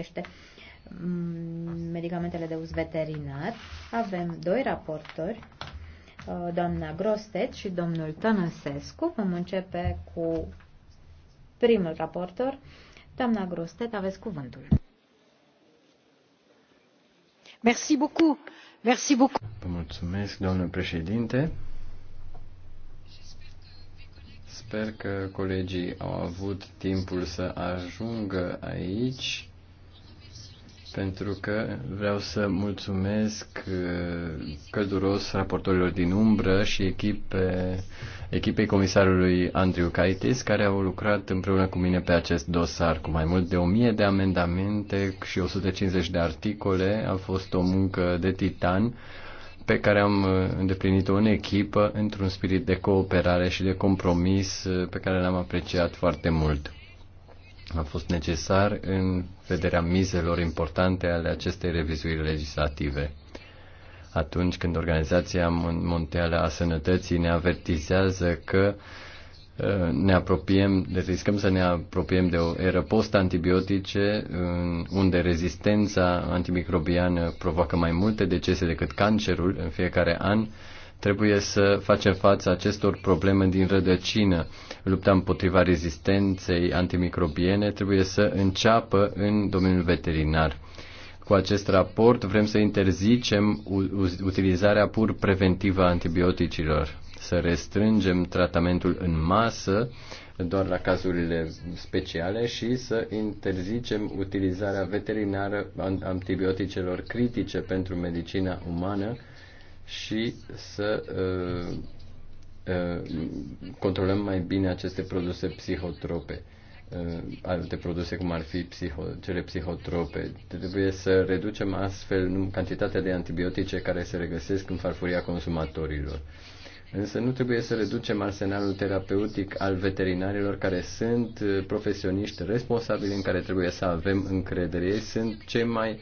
privește mm, medicamentele de uz veterinar. Avem doi raportori, uh, doamna Grostet și domnul Tănăsescu. Vom începe cu primul raportor. Doamna Grostet, aveți cuvântul. Merci beaucoup. Merci beaucoup. Vă mulțumesc, domnule președinte. Sper că colegii au avut timpul să ajungă aici pentru că vreau să mulțumesc uh, călduros raportorilor din umbră și echipe, echipei comisarului Andrew Caitis, care au lucrat împreună cu mine pe acest dosar. Cu mai mult de 1000 de amendamente și 150 de articole, a fost o muncă de titan pe care am uh, îndeplinit-o în echipă într-un spirit de cooperare și de compromis uh, pe care l-am apreciat foarte mult a fost necesar în vederea mizelor importante ale acestei revizuiri legislative. Atunci când Organizația Mondială a Sănătății ne avertizează că uh, ne apropiem, riscăm să ne apropiem de o eră post-antibiotice, unde rezistența antimicrobiană provoacă mai multe decese decât cancerul în fiecare an, Trebuie să facem față acestor probleme din rădăcină. Lupta împotriva rezistenței antimicrobiene trebuie să înceapă în domeniul veterinar. Cu acest raport vrem să interzicem utilizarea pur preventivă a antibioticilor, să restrângem tratamentul în masă doar la cazurile speciale și să interzicem utilizarea veterinară a antibioticelor critice pentru medicina umană și să uh, uh, controlăm mai bine aceste produse psihotrope uh, alte produse cum ar fi psiho, cele psihotrope. Trebuie să reducem astfel cantitatea de antibiotice care se regăsesc în farfuria consumatorilor. Însă nu trebuie să reducem arsenalul terapeutic al veterinarilor care sunt uh, profesioniști responsabili în care trebuie să avem încredere. Ei sunt cei mai uh,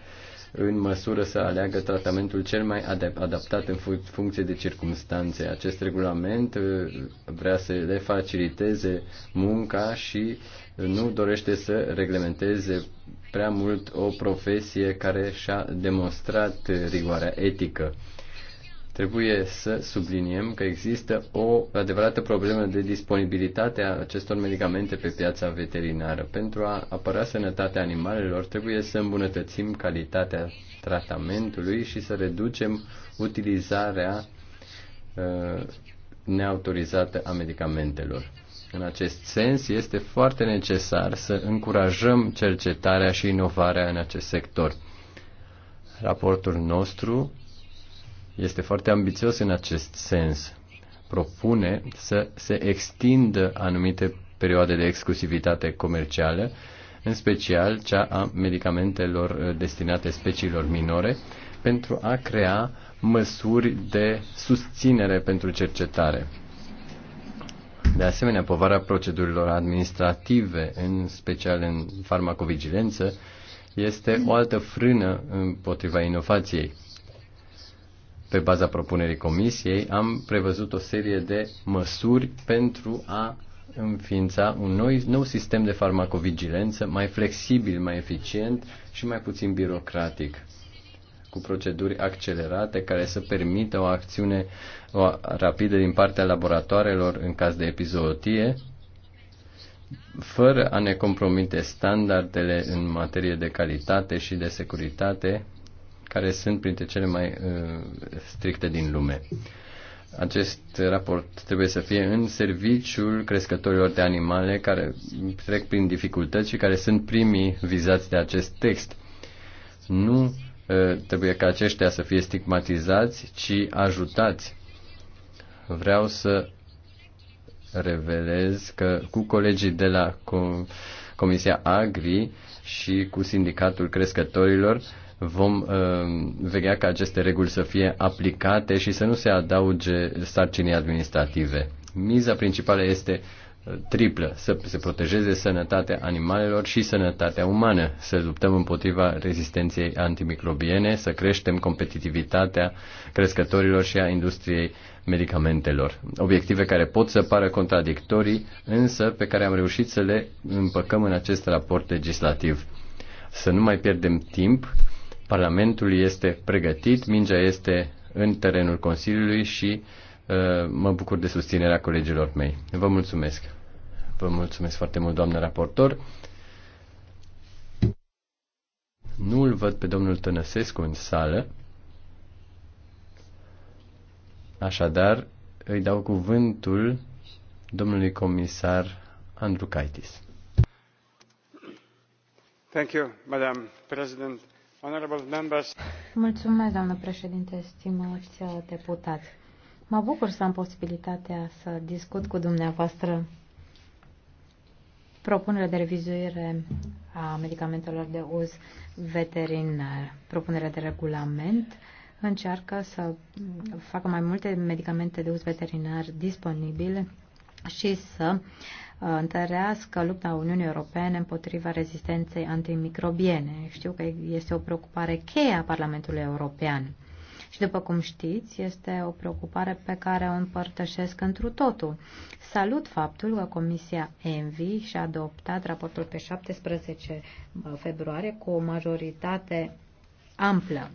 în măsură să aleagă tratamentul cel mai adaptat în funcție de circunstanțe. Acest regulament uh, vrea să le faciliteze munca și uh, nu dorește să reglementeze prea mult o profesie care și-a demonstrat uh, rigoarea etică. Trebuie să subliniem că există o adevărată problemă de disponibilitate a acestor medicamente pe piața veterinară. Pentru a apăra sănătatea animalelor, trebuie să îmbunătățim calitatea tratamentului și să reducem utilizarea uh, neautorizată a medicamentelor. În acest sens, este foarte necesar să încurajăm cercetarea și inovarea în acest sector. Raportul nostru este foarte ambițios în acest sens. Propune să se extindă anumite perioade de exclusivitate comercială, în special cea a medicamentelor uh, destinate speciilor minore, pentru a crea măsuri de susținere pentru cercetare. De asemenea, povara procedurilor administrative, în special în farmacovigilență, este o altă frână împotriva inovației. Pe baza propunerii comisiei am prevăzut o serie de măsuri pentru a înființa un nou, nou sistem de farmacovigilență mai flexibil, mai eficient și mai puțin birocratic cu proceduri accelerate care să permită o acțiune o, rapidă din partea laboratoarelor în caz de epizootie, fără a ne compromite standardele în materie de calitate și de securitate care sunt printre cele mai uh, stricte din lume. Acest raport trebuie să fie în serviciul crescătorilor de animale care trec prin dificultăți și care sunt primii vizați de acest text. Nu uh, trebuie ca aceștia să fie stigmatizați, ci ajutați. Vreau să revelez că cu colegii de la Comisia Agri și cu Sindicatul Crescătorilor vom uh, vedea ca aceste reguli să fie aplicate și să nu se adauge sarcinii administrative. Miza principală este uh, triplă, să se protejeze sănătatea animalelor și sănătatea umană, să luptăm împotriva rezistenței antimicrobiene, să creștem competitivitatea crescătorilor și a industriei medicamentelor. Obiective care pot să pară contradictorii, însă pe care am reușit să le împăcăm în acest raport legislativ. Să nu mai pierdem timp Parlamentul este pregătit, mingea este în terenul Consiliului și uh, mă bucur de susținerea colegilor mei. Vă mulțumesc. Vă mulțumesc foarte mult, doamnă raportor. Nu îl văd pe domnul Tănăsescu în sală. Așadar, îi dau cuvântul domnului comisar Kaitis. Thank you, Madam President. Mulțumesc, doamnă președinte, stimați uh, deputați. Mă bucur să am posibilitatea să discut cu dumneavoastră propunerea de revizuire a medicamentelor de uz veterinar. Propunerea de regulament încearcă să facă mai multe medicamente de uz veterinar disponibile și să Uh, întărească lupta Uniunii Europene împotriva rezistenței antimicrobiene. Știu că este o preocupare cheie a Parlamentului European. Și după cum știți, este o preocupare pe care o împărtășesc întru totul. Salut faptul că Comisia ENVI și-a adoptat raportul pe 17 uh, februarie cu o majoritate amplă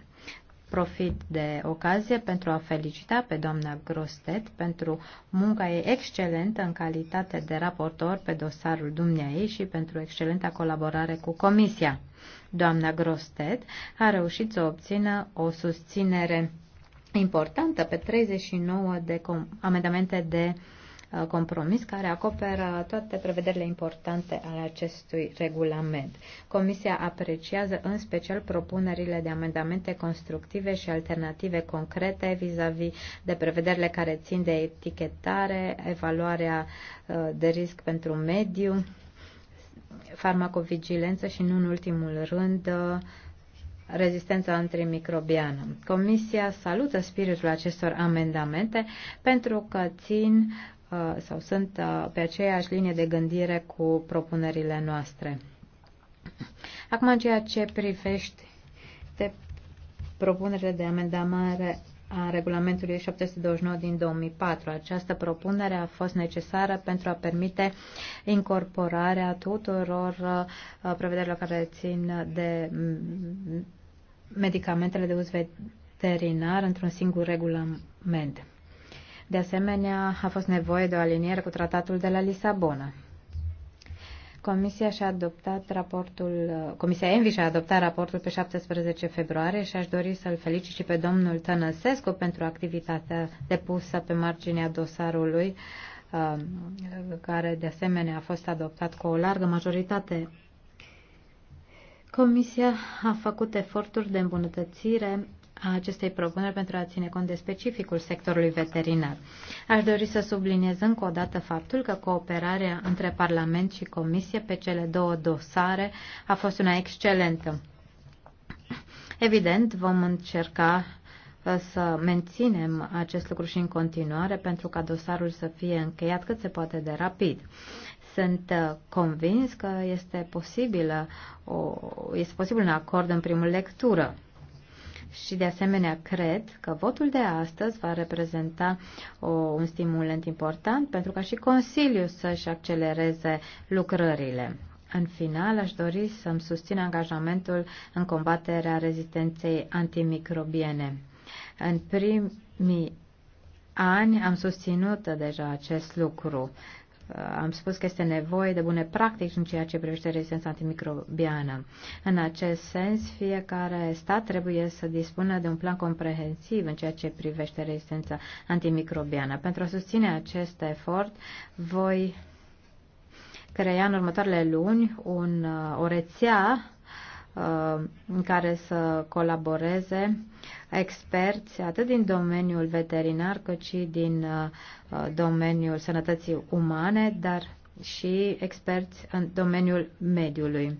profit de ocazie pentru a felicita pe doamna Grostet pentru munca ei excelentă în calitate de raportor pe dosarul dumneai și pentru excelenta colaborare cu Comisia. Doamna Grostet a reușit să obțină o susținere importantă pe 39 de amendamente de uh, Uh, compromis care acoperă toate prevederile importante ale acestui regulament. Comisia apreciază în special propunerile de amendamente constructive și alternative concrete vis-a-vis -vis de prevederile care țin de etichetare, evaluarea uh, de risc pentru mediu, farmacovigilență și, nu în ultimul rând, uh, rezistența antimicrobiană. Comisia salută spiritul acestor amendamente pentru că țin Uh, sau sunt uh, pe aceeași linie de gândire cu propunerile noastre. Acum, în ceea ce privește propunerile de amendamare a regulamentului 729 din 2004. Această propunere a fost necesară pentru a permite incorporarea tuturor uh, prevederilor care țin de mm, medicamentele de uz veterinar într-un singur regulament. De asemenea, a fost nevoie de o aliniere cu tratatul de la Lisabona. Comisia și-a adoptat raportul, Comisia Envi și-a adoptat raportul pe 17 februarie și aș dori să-l felicit și pe domnul Tănăsescu pentru activitatea depusă pe marginea dosarului um, care de asemenea a fost adoptat cu o largă majoritate. Comisia a făcut eforturi de îmbunătățire a acestei propuneri pentru a ține cont de specificul sectorului veterinar. Aș dori să subliniez încă o dată faptul că cooperarea între Parlament și Comisie pe cele două dosare a fost una excelentă. Evident, vom încerca uh, să menținem acest lucru și în continuare pentru ca dosarul să fie încheiat cât se poate de rapid. Sunt uh, convins că este, posibil, o, este posibil un acord în primul lectură și de asemenea cred că votul de astăzi va reprezenta o, un stimulent important pentru ca și Consiliul să-și accelereze lucrările. În final, aș dori să-mi susțin angajamentul în combaterea rezistenței antimicrobiene. În primii ani am susținut deja acest lucru. Uh, am spus că este nevoie de bune practici în ceea ce privește rezistența antimicrobiană. În acest sens, fiecare stat trebuie să dispună de un plan comprehensiv în ceea ce privește rezistența antimicrobiană. Pentru a susține acest efort, voi crea în următoarele luni un, uh, o rețea Uh, în care să colaboreze experți atât din domeniul veterinar cât și din uh, domeniul sănătății umane, dar și experți în domeniul mediului.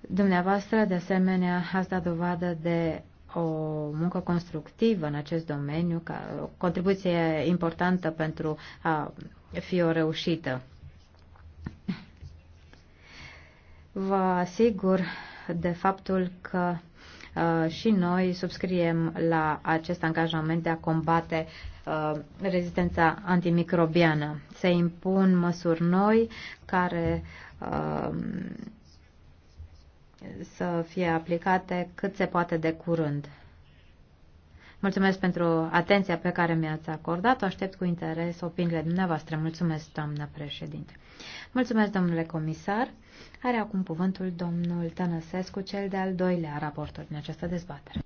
Dumneavoastră, de asemenea, ați dat dovadă de o muncă constructivă în acest domeniu, ca o contribuție importantă pentru a fi o reușită. vă asigur de faptul că uh, și noi subscriem la acest angajament de a combate uh, rezistența antimicrobiană. Se impun măsuri noi care uh, să fie aplicate cât se poate de curând. Mulțumesc pentru atenția pe care mi-ați acordat-o. Aștept cu interes opiniile dumneavoastră. Mulțumesc, doamnă președinte. Mulțumesc, domnule comisar. Are acum cuvântul domnul Tănăsescu, cel de-al doilea raportor din această dezbatere.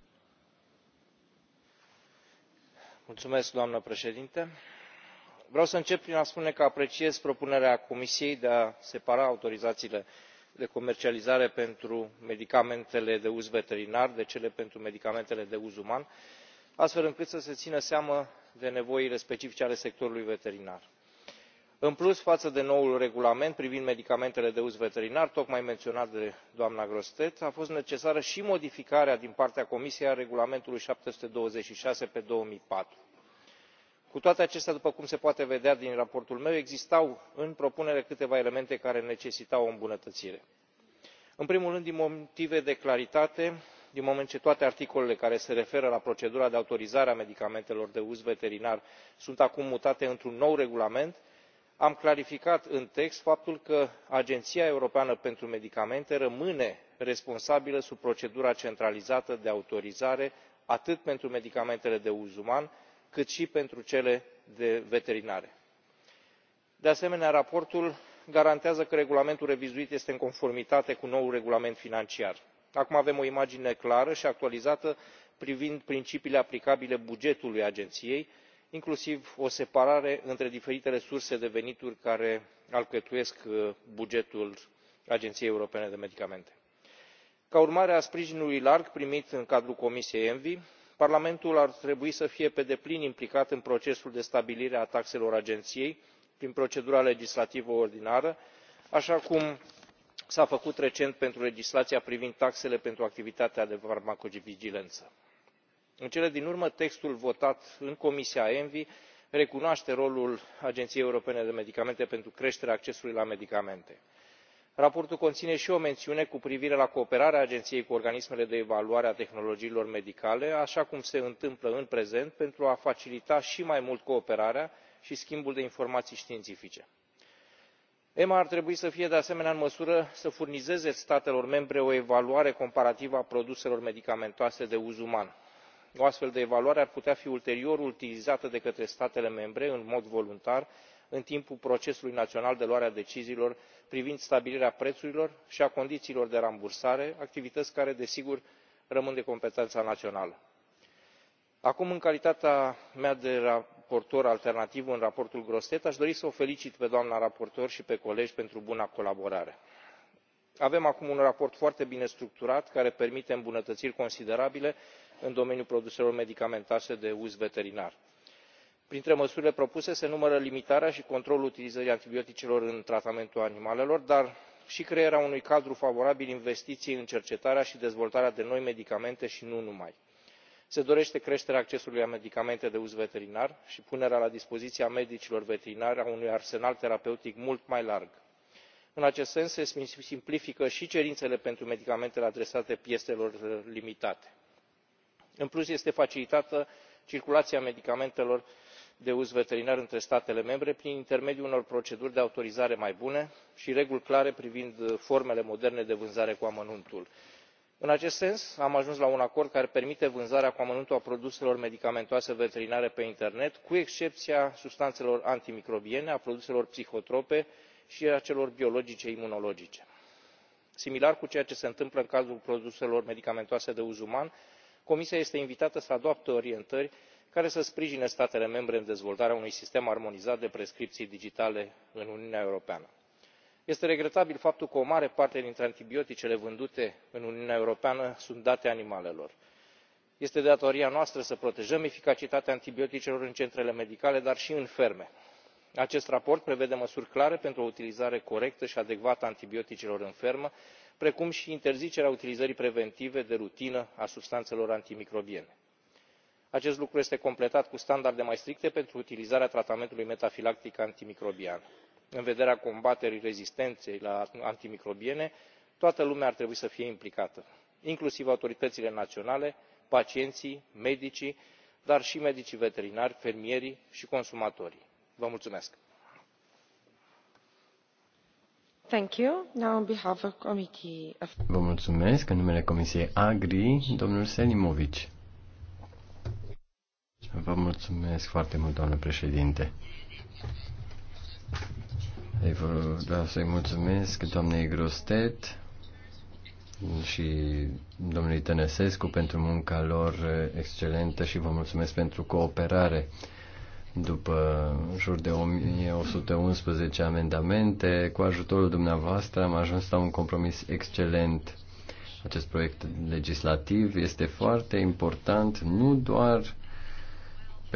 Mulțumesc, doamnă președinte. Vreau să încep prin a spune că apreciez propunerea Comisiei de a separa autorizațiile de comercializare pentru medicamentele de uz veterinar de cele pentru medicamentele de uz uman astfel încât să se țină seama de nevoile specifice ale sectorului veterinar. în plus față de noul regulament privind medicamentele de uz veterinar tocmai menționat de doamna grossette a fost necesară și modificarea din partea comisiei a regulamentului șapte sute douăzeci și șase două mii patru cu toate acestea după cum se poate vedea din raportul meu existau în propunere câteva elemente care necesitau o îmbunătățire în primul rând din motive de claritate din moment ce toate articolele care se referă la procedura de autorizare a medicamentelor de uz veterinar sunt acum mutate într un nou regulament am clarificat în text faptul că agenția europeană pentru medicamente rămâne responsabilă sub procedura centralizată de autorizare atât pentru medicamentele de uz uman cât și pentru cele veterinare. de asemenea raportul garantează că regulamentul revizuit este în conformitate cu noul regulament financiar acum avem o imagine clară și actualizată privind principiile aplicabile bugetului agenției inclusiv o separare între diferitele surse de venituri care alcătuiesc uh, bugetul agenției europene de medicamente. ca urmare a sprijinului larg primit în cadrul comisiei envi parlamentul ar trebui să fie pe deplin implicat în procesul de stabilire a taxelor agenției prin procedura legislativă ordinară așa cum s a făcut recent pentru legislația privind taxele pentru activitatea de farmacovigilență. în cele din urmă textul votat în comisia envi recunoaște rolul agenției europene de medicamente pentru creșterea accesului la medicamente. raportul conține și o mențiune cu privire la cooperarea agenției cu organismele de evaluare a tehnologiilor medicale așa cum se întâmplă în prezent pentru a facilita și mai mult cooperarea și schimbul de informații științifice ema ar trebui să fie de asemenea în măsură să furnizeze statelor membre o evaluare comparativă a produselor medicamentoase de uz uman. o astfel de evaluare ar putea fi ulterior utilizată de către statele membre în mod voluntar în timpul procesului național de luare a deciziilor privind stabilirea prețurilor și a condițiilor de rambursare activități care desigur rămân de competența națională. acum în calitatea mea de raportor alternativ în raportul grossette aș dori să o felicit pe doamna raportor și pe colegi pentru buna colaborare. avem acum un raport foarte bine structurat care permite îmbunătățiri considerabile în domeniul produselor medicamentoase de uz veterinar. printre măsurile propuse se numără limitarea și controlul utilizării antibioticelor în tratamentul animalelor dar și crearea unui cadru favorabil investiției în cercetarea și dezvoltarea de noi medicamente și nu numai se dorește creșterea accesului la medicamente de uz veterinar și punerea la dispoziția medicilor veterinari a unui arsenal terapeutic mult mai larg. în acest sens se simplifică și cerințele pentru medicamentele adresate piețelor limitate. în plus este facilitată circulația medicamentelor de uz veterinar între statele membre prin intermediul unor proceduri de autorizare mai bune și reguli clare privind formele moderne de vânzare cu amănuntul în acest sens am ajuns la un acord care permite vânzarea cu amănuntul a produselor medicamentoase veterinare pe internet cu excepția substanțelor antimicrobiene a produselor psihotrope și a celor biologice imunologice. similar cu ceea ce se întâmplă în cazul produselor medicamentoase de uz uman comisia este invitată să adopte orientări care să sprijine statele membre în dezvoltarea unui sistem armonizat de prescripții digitale în uniunea europeană este regretabil faptul că o mare parte dintre antibioticele vândute în uniunea europeană sunt date animalelor. este de datoria noastră să protejăm eficacitatea antibioticelor în centrele medicale dar și în ferme. acest raport prevede măsuri clare pentru o utilizare corectă și adecvată a antibioticelor în fermă precum și interzicerea utilizării preventive de rutină a substanțelor antimicrobiene. acest lucru este completat cu standarde mai stricte pentru utilizarea tratamentului metafilactic antimicrobian în vederea combaterii rezistenței la antimicrobiene toată lumea ar trebui să fie implicată inclusiv autoritățile naționale pacienții medicii dar și medicii veterinari fermierii și consumatorii. vă mulțumesc. Vă mulțumesc. În numele Comisiei Agri, domnul Selimovic. Vă mulțumesc foarte mult, doamnă președinte. Vreau să-i mulțumesc doamnei Grostet și domnului Tănăsescu pentru munca lor excelentă și vă mulțumesc pentru cooperare. După jur de 1111 amendamente, cu ajutorul dumneavoastră am ajuns la un compromis excelent. Acest proiect legislativ este foarte important nu doar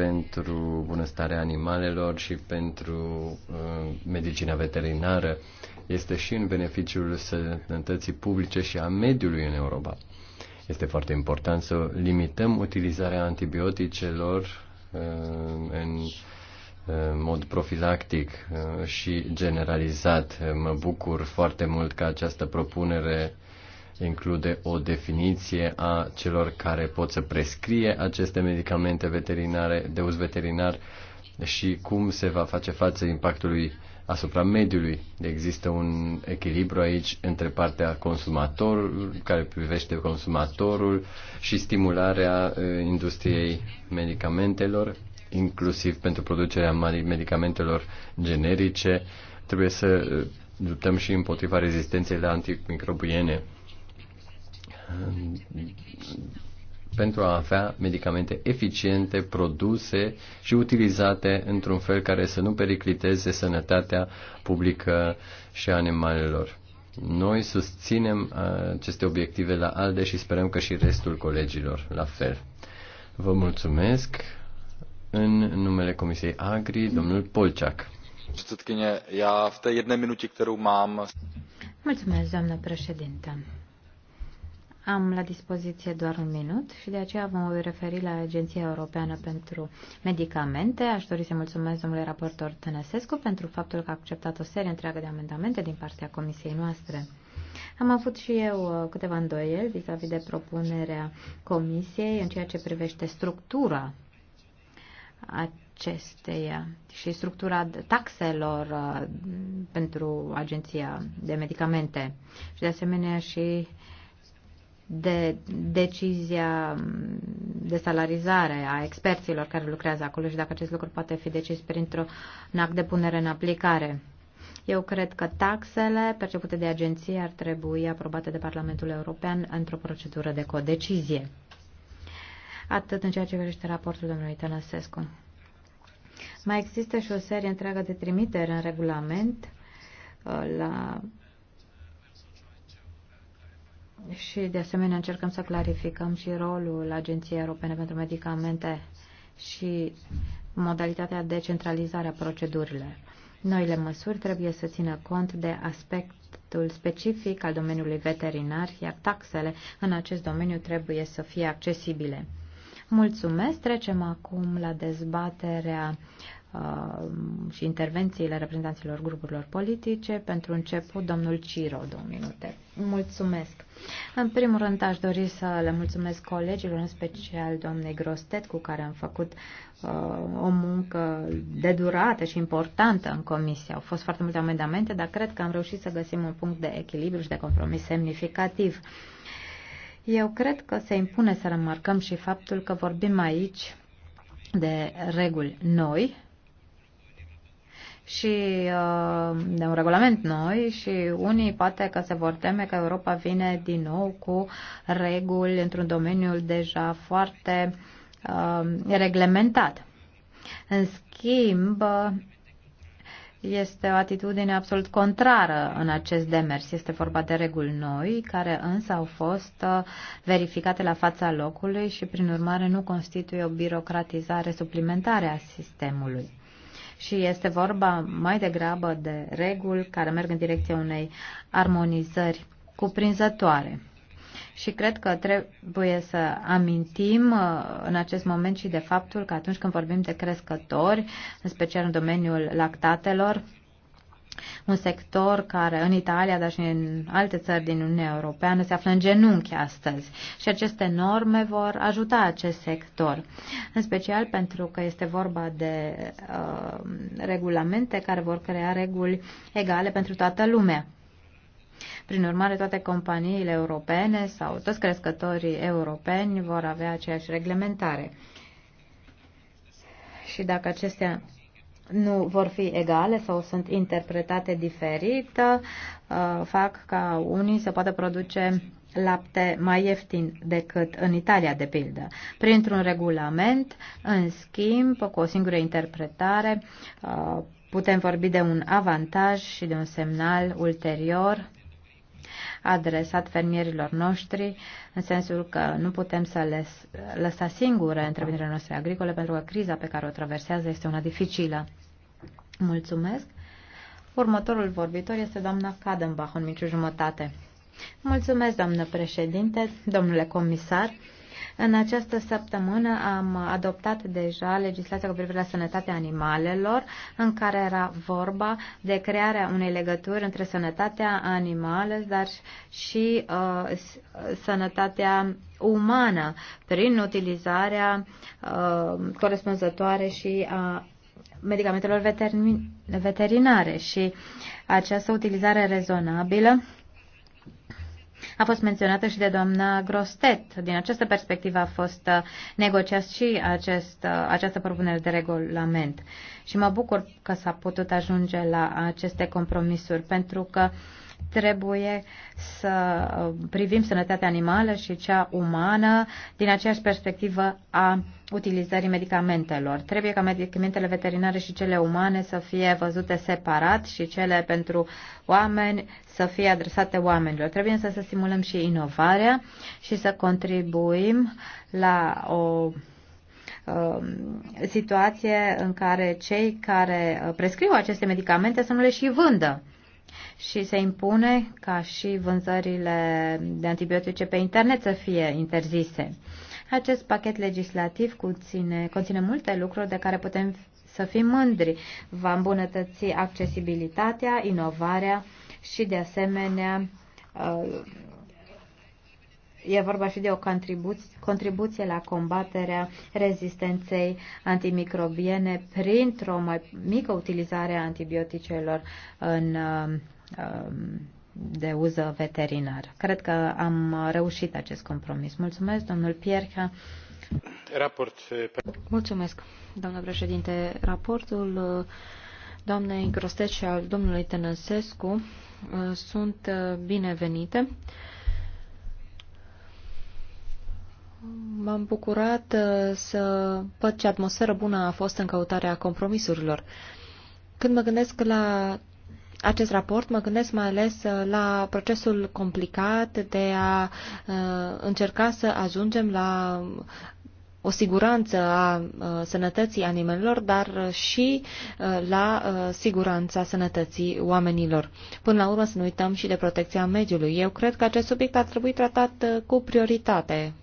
pentru bunăstarea animalelor și pentru uh, medicina veterinară este și în beneficiul sănătății publice și a mediului în Europa. Este foarte important să limităm utilizarea antibioticelor uh, în uh, mod profilactic uh, și generalizat. Mă bucur foarte mult că această propunere include o definiție a celor care pot să prescrie aceste medicamente veterinare de uz veterinar și cum se va face față impactului asupra mediului. Există un echilibru aici între partea consumatorului, care privește consumatorul, și stimularea industriei medicamentelor, inclusiv pentru producerea medicamentelor generice. Trebuie să luptăm și împotriva rezistenței la antimicrobiene pentru a avea medicamente eficiente, produse și utilizate într-un fel care să nu pericliteze sănătatea publică și a animalelor. Noi susținem uh, aceste obiective la ALDE și sperăm că și restul colegilor la fel. Vă mulțumesc. În numele Comisiei Agri, domnul Polciac. Mulțumesc, doamnă președintă. Am la dispoziție doar un minut și de aceea vă voi referi la Agenția Europeană pentru Medicamente. Aș dori să mulțumesc domnului raportor Tănăsescu pentru faptul că a acceptat o serie întreagă de amendamente din partea comisiei noastre. Am avut și eu uh, câteva îndoieli vis-a-vis -vis de propunerea comisiei în ceea ce privește structura acesteia și structura taxelor uh, pentru Agenția de Medicamente și de asemenea și uh, de decizia de salarizare a experților care lucrează acolo și dacă acest lucru poate fi decis printr-un act de punere în aplicare. Eu cred că taxele percepute de agenții ar trebui aprobate de Parlamentul European într-o procedură de codecizie. Atât în ceea ce privește raportul domnului Tănăsescu. Mai există și o serie întreagă de trimiteri în regulament uh, la și, de asemenea, încercăm să clarificăm și rolul Agenției Europene pentru Medicamente și modalitatea de centralizare a procedurilor. Noile măsuri trebuie să țină cont de aspectul specific al domeniului veterinar, iar taxele în acest domeniu trebuie să fie accesibile. Mulțumesc! Trecem acum la dezbaterea Um, și intervențiile reprezentanților grupurilor politice. Pentru început, domnul Ciro, două minute. Mulțumesc. În primul rând, aș dori să le mulțumesc colegilor, în special doamnei Grostet, cu care am făcut uh, o muncă de durată și importantă în comisie. Au fost foarte multe amendamente, dar cred că am reușit să găsim un punct de echilibru și de compromis semnificativ. Eu cred că se impune să remarcăm și faptul că vorbim aici de reguli noi, și de uh, un regulament noi și unii poate că se vor teme că Europa vine din nou cu reguli într-un domeniu deja foarte uh, reglementat. În schimb, este o atitudine absolut contrară în acest demers. Este vorba de reguli noi, care însă au fost uh, verificate la fața locului și, prin urmare, nu constituie o birocratizare suplimentare a sistemului și este vorba mai degrabă de reguli care merg în direcția unei armonizări cuprinzătoare. Și cred că trebuie să amintim uh, în acest moment și de faptul că atunci când vorbim de crescători, în special în domeniul lactatelor, un sector care în Italia, dar și în alte țări din Uniunea Europeană se află în genunchi astăzi. Și aceste norme vor ajuta acest sector, în special pentru că este vorba de uh, regulamente care vor crea reguli egale pentru toată lumea. Prin urmare, toate companiile europene sau toți crescătorii europeni vor avea aceeași reglementare. Și dacă acestea nu vor fi egale sau sunt interpretate diferit, uh, fac ca unii să poată produce lapte mai ieftin decât în Italia, de pildă. Printr-un regulament, în schimb, cu o singură interpretare, uh, putem vorbi de un avantaj și de un semnal ulterior adresat fermierilor noștri, în sensul că nu putem să le lăsa singure întreprinderile noastre agricole, pentru că criza pe care o traversează este una dificilă. Mulțumesc. Următorul vorbitor este doamna Kadenbach, un mici jumătate. Mulțumesc, doamnă președinte, domnule comisar. În această săptămână am adoptat deja legislația cu privire la sănătatea animalelor, în care era vorba de crearea unei legături între sănătatea animală, dar și uh, sănătatea umană, prin utilizarea uh, corespunzătoare și a medicamentelor veterinare și această utilizare rezonabilă a fost menționată și de doamna Grostet. Din această perspectivă a fost uh, negociat și acest, uh, această propunere de regulament. Și mă bucur că s-a putut ajunge la aceste compromisuri, pentru că trebuie să uh, privim sănătatea animală și cea umană din aceeași perspectivă a utilizării medicamentelor. Trebuie ca medicamentele veterinare și cele umane să fie văzute separat și cele pentru oameni să fie adresate oamenilor. Trebuie însă să stimulăm și inovarea și să contribuim la o um, situație în care cei care uh, prescriu aceste medicamente să nu le și vândă și se impune ca și vânzările de antibiotice pe internet să fie interzise. Acest pachet legislativ conține, conține multe lucruri de care putem să fim mândri. Va îmbunătăți accesibilitatea, inovarea și, de asemenea, uh, e vorba și de o contribuție, contribuție la combaterea rezistenței antimicrobiene printr-o mai mică utilizare a antibioticelor în uh, um, de uză veterinar. Cred că am reușit acest compromis. Mulțumesc, domnul Pierca. Raport. Eh, Mulțumesc, doamnă președinte. Raportul eh, doamnei Grostet și al domnului Tănăsescu eh, sunt binevenite. M-am bucurat să văd ce atmosferă bună a fost în căutarea compromisurilor. Când mă gândesc la acest raport, mă gândesc mai ales uh, la procesul complicat de a uh, încerca să ajungem la o siguranță a uh, sănătății animalelor, dar și la siguranța sănătății oamenilor. Până la urmă să nu uităm și de protecția mediului. Eu cred că acest subiect ar trebui tratat cu prioritate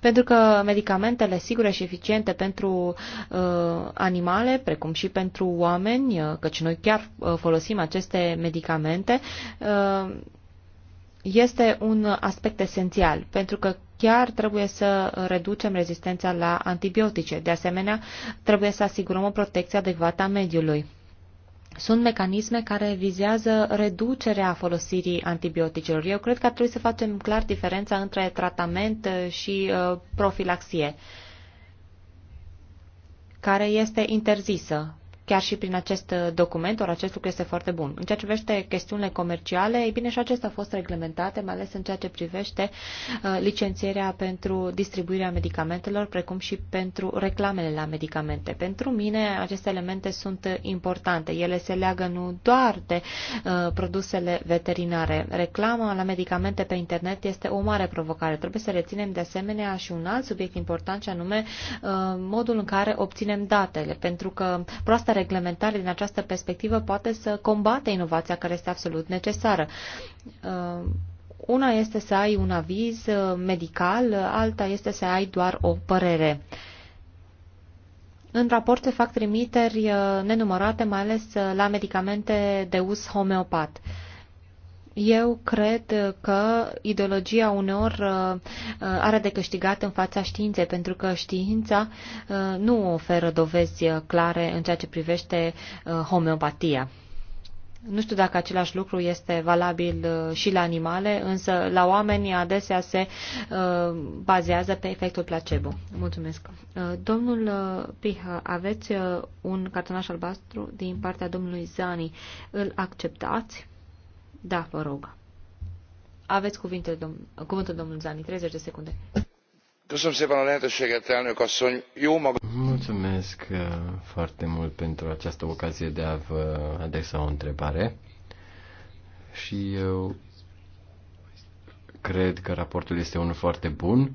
pentru că medicamentele sigure și eficiente pentru uh, animale, precum și pentru oameni, uh, căci noi chiar uh, folosim aceste medicamente, uh, este un aspect esențial, pentru că chiar trebuie să reducem rezistența la antibiotice. De asemenea, trebuie să asigurăm o protecție adecvată a mediului. Sunt mecanisme care vizează reducerea folosirii antibioticelor. Eu cred că ar trebui să facem clar diferența între tratament și uh, profilaxie, care este interzisă chiar și prin acest uh, document, ori acest lucru este foarte bun. În ceea ce privește chestiunile comerciale, ei bine, și acestea au fost reglementate, mai ales în ceea ce privește uh, licențierea pentru distribuirea medicamentelor, precum și pentru reclamele la medicamente. Pentru mine, aceste elemente sunt importante. Ele se leagă nu doar de uh, produsele veterinare. Reclama la medicamente pe internet este o mare provocare. Trebuie să reținem de asemenea și un alt subiect important, și anume uh, modul în care obținem datele, pentru că proasta reglementare din această perspectivă poate să combate inovația care este absolut necesară. Uh, una este să ai un aviz uh, medical, alta este să ai doar o părere. În raport se fac trimiteri uh, nenumărate, mai ales la medicamente de uz homeopat. Eu cred că ideologia uneori uh, uh, are de câștigat în fața științei, pentru că știința uh, nu oferă dovezi clare în ceea ce privește homeopatia. Nu știu dacă același lucru este valabil și la animale, însă la oameni adesea se bazează pe efectul placebo. Mulțumesc. Domnul Piha, aveți un cartonaș albastru din partea domnului Zani. Îl acceptați? Da, vă rog. Aveți cuvinte, dom- cuvântul domnul Zani, 30 de secunde. Mulțumesc uh, foarte mult pentru această ocazie de a vă adresa o întrebare. Și eu cred că raportul este unul foarte bun.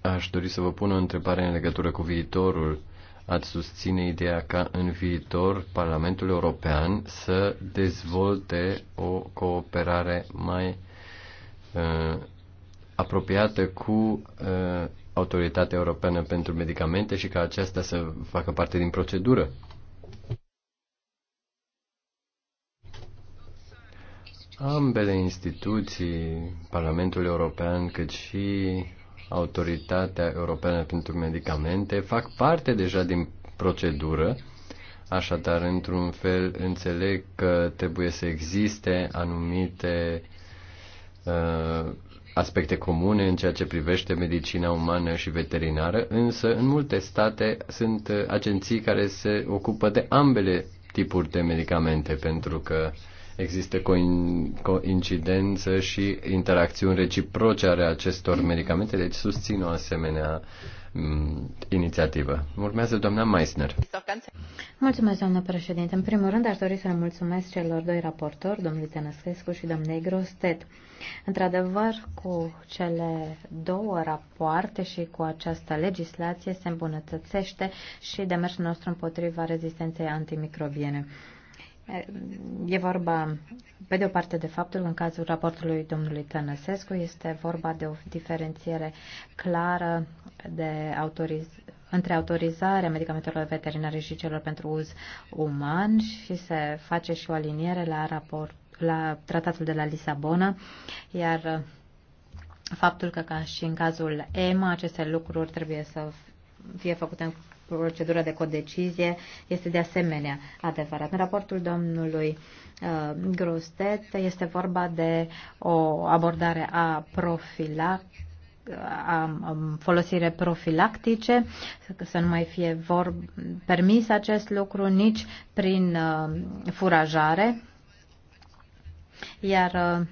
Aș dori să vă pun o întrebare în legătură cu viitorul ați susține ideea ca în viitor Parlamentul European să dezvolte o cooperare mai uh, apropiată cu uh, Autoritatea Europeană pentru Medicamente și ca aceasta să facă parte din procedură? Ambele instituții, Parlamentul European cât și Autoritatea Europeană pentru Medicamente fac parte deja din procedură, așadar, într-un fel, înțeleg că trebuie să existe anumite uh, aspecte comune în ceea ce privește medicina umană și veterinară, însă în multe state sunt uh, agenții care se ocupă de ambele tipuri de medicamente, pentru că uh, existe coincidență și interacțiuni reciproce ale acestor medicamente, deci susțin o asemenea mm, inițiativă. Urmează doamna Meissner. Mulțumesc, doamnă președinte. În primul rând, aș dori să le mulțumesc celor doi raportori, domnului Tănăscescu și domnului Grostet. Într-adevăr, cu cele două rapoarte și cu această legislație se îmbunătățește și demersul nostru împotriva rezistenței antimicrobiene. E vorba, pe de o parte, de faptul în cazul raportului domnului Tănăsescu este vorba de o diferențiere clară de autoriz între autorizarea medicamentelor veterinare și celor pentru uz uman și se face și o aliniere la, raport, la tratatul de la Lisabona, iar faptul că, ca și în cazul EMA, aceste lucruri trebuie să fie făcute în procedura de codecizie este de asemenea adevărat. În raportul domnului uh, Grostet este vorba de o abordare a profilac a folosire profilactice, să nu mai fie vor permis acest lucru nici prin uh, furajare, iar uh,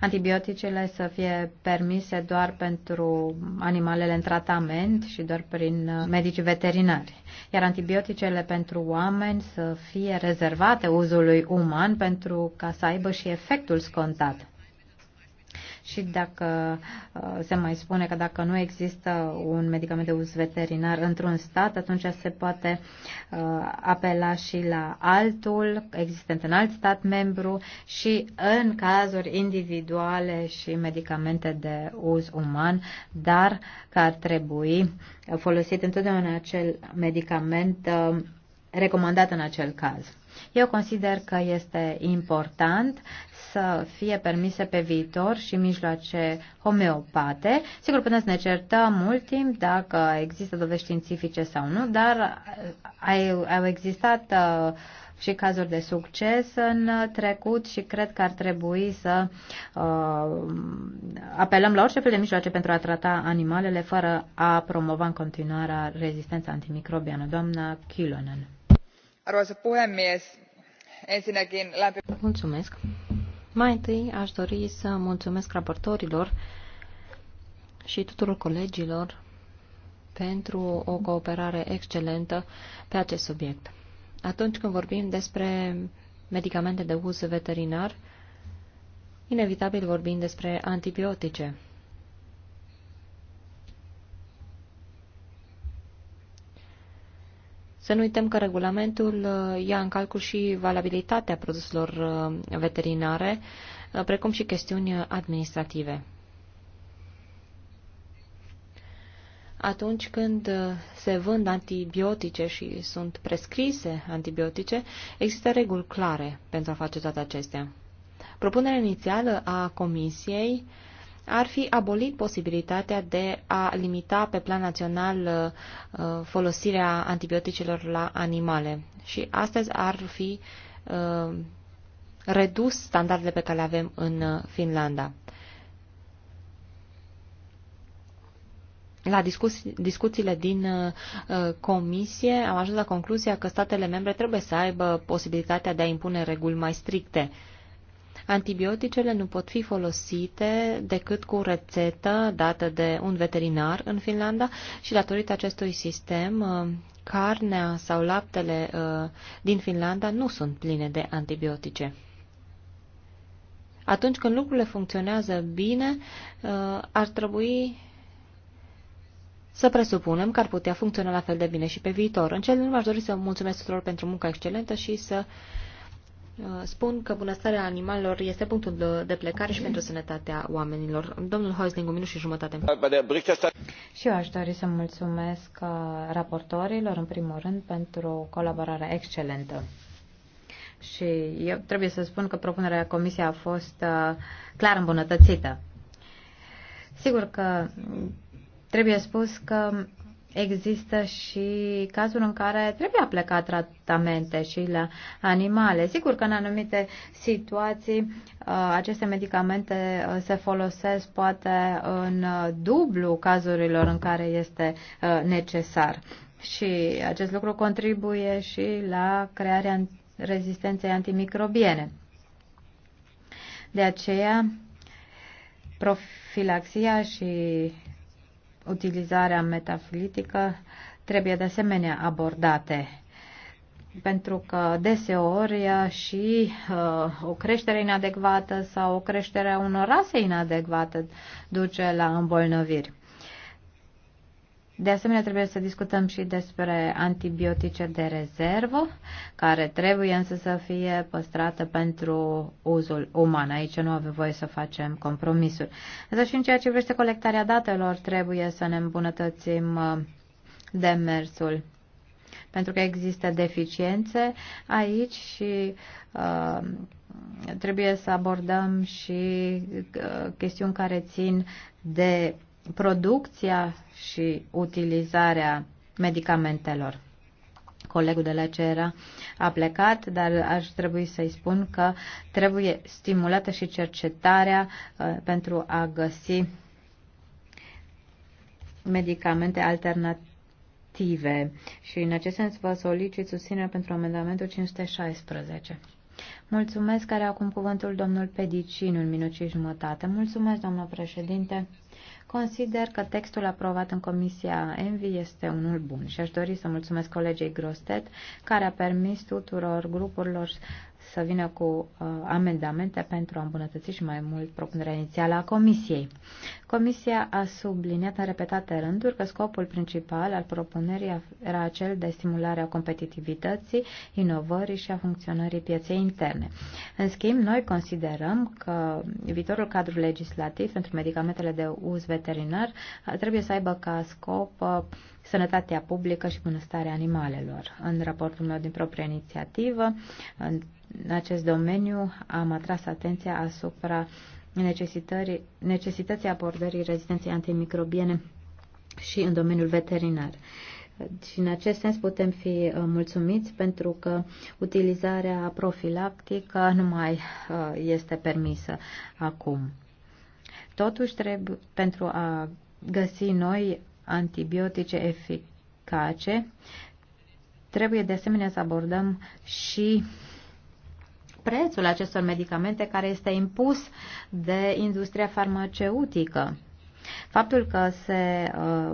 antibioticele să fie permise doar pentru animalele în tratament și doar prin uh, medici veterinari, iar antibioticele pentru oameni să fie rezervate uzului uman pentru ca să aibă și efectul scontat și dacă uh, se mai spune că dacă nu există un medicament de uz veterinar într-un stat, atunci se poate uh, apela și la altul existent în alt stat membru și în cazuri individuale și medicamente de uz uman, dar că ar trebui folosit întotdeauna acel medicament uh, recomandat în acel caz. Eu consider că este important să fie permise pe viitor și mijloace homeopate. Sigur, putem să ne certăm mult timp dacă există dovești științifice sau nu, dar au existat uh, și cazuri de succes în trecut și cred că ar trebui să uh, apelăm la orice fel de mijloace pentru a trata animalele fără a promova în continuare rezistența antimicrobiană. Doamna Kilonen. Arvoisa puhemies, ensinnäkin lämpi... Mulțumesc. Mai întâi aș dori să mulțumesc raportorilor și tuturor colegilor pentru o cooperare excelentă pe acest subiect. Atunci când vorbim despre medicamente de uz veterinar, inevitabil vorbim despre antibiotice. Să nu uităm că regulamentul uh, ia în calcul și valabilitatea produselor uh, veterinare, uh, precum și chestiuni administrative. atunci când se vând antibiotice și sunt prescrise antibiotice, există reguli clare pentru a face toate acestea. Propunerea inițială a Comisiei uh, ar fi abolit posibilitatea de a limita pe plan național uh, uh, folosirea antibioticelor la animale. Și astăzi ar fi uh, redus standardele pe care le avem în Finlanda. La discuții, discuțiile din uh, comisie am ajuns la concluzia că statele membre trebuie să aibă posibilitatea de a impune reguli mai stricte. Uh, Antibioticele nu pot fi folosite decât cu rețetă dată de un veterinar în Finlanda și datorită acestui sistem uh, carnea sau laptele uh, din Finlanda nu sunt pline de antibiotice. Atunci când lucrurile funcționează bine, uh, ar trebui să presupunem că ar putea funcționa la fel de bine și pe viitor. În cel din urmă aș dori să mulțumesc tuturor pentru munca excelentă și să uh, Uh, spun că bunăstarea animalelor este punctul de plecare și pentru sănătatea oamenilor. Domnul Hoisling, un minut și jumătate. Și eu aș dori să mulțumesc uh, raportorilor, în primul rând, pentru colaborarea excelentă. Și eu trebuie să spun că propunerea comisiei a fost uh, clar îmbunătățită. Sigur că trebuie spus că există și cazuri în care trebuie aplicat tratamente și la animale. Sigur că în anumite situații uh, aceste medicamente uh, se folosesc poate în uh, dublu cazurilor în care este necesar. Și acest lucru contribuie și la crearea rezistenței antimicrobiene. De aceea, profilaxia și utilizarea metafilitică trebuie de asemenea abordate pentru că deseori și uh, o creștere inadecvată sau o creștere a unor rase inadecvate duce la îmbolnăviri. De asemenea, trebuie să discutăm și despre antibiotice de rezervă, care trebuie însă să fie păstrată pentru uzul uman. Aici nu avem voie să facem compromisuri. Însă și în ceea ce privește colectarea datelor, trebuie să ne îmbunătățim uh, demersul. Pentru că există deficiențe aici și uh, trebuie să abordăm și uh, chestiuni care țin de producția și utilizarea medicamentelor. Colegul de la CERA a plecat, dar aș trebui să-i spun că trebuie stimulată și cercetarea uh, pentru a găsi medicamente alternative. Și în acest sens vă solicit susținerea pentru amendamentul 516. Mulțumesc, care acum cuvântul domnul Pedicin, un minut și jumătate. Mulțumesc, doamnă președinte. Consider că textul aprobat în Comisia Envi este unul bun și aș dori să mulțumesc colegei Grostet, care a permis tuturor grupurilor să vină cu uh, amendamente pentru a îmbunătăți și mai mult propunerea inițială a Comisiei. Comisia a subliniat în repetate rânduri că scopul principal al propunerii era acel de stimulare a competitivității, inovării și a funcționării pieței interne. În schimb, noi considerăm că viitorul cadru legislativ pentru medicamentele de uz veterinar trebuie să aibă ca scop uh, sănătatea publică și bunăstarea animalelor. În raportul meu din proprie inițiativă, în în acest domeniu am atras atenția asupra necesității abordării rezistenței antimicrobiene și în domeniul veterinar. Și în acest sens putem fi uh, mulțumiți pentru că utilizarea profilactică nu mai uh, este permisă acum. Totuși, trebuie, pentru a găsi noi antibiotice eficace, trebuie de asemenea să abordăm și prețul acestor medicamente care este impus de industria farmaceutică. Faptul că se uh,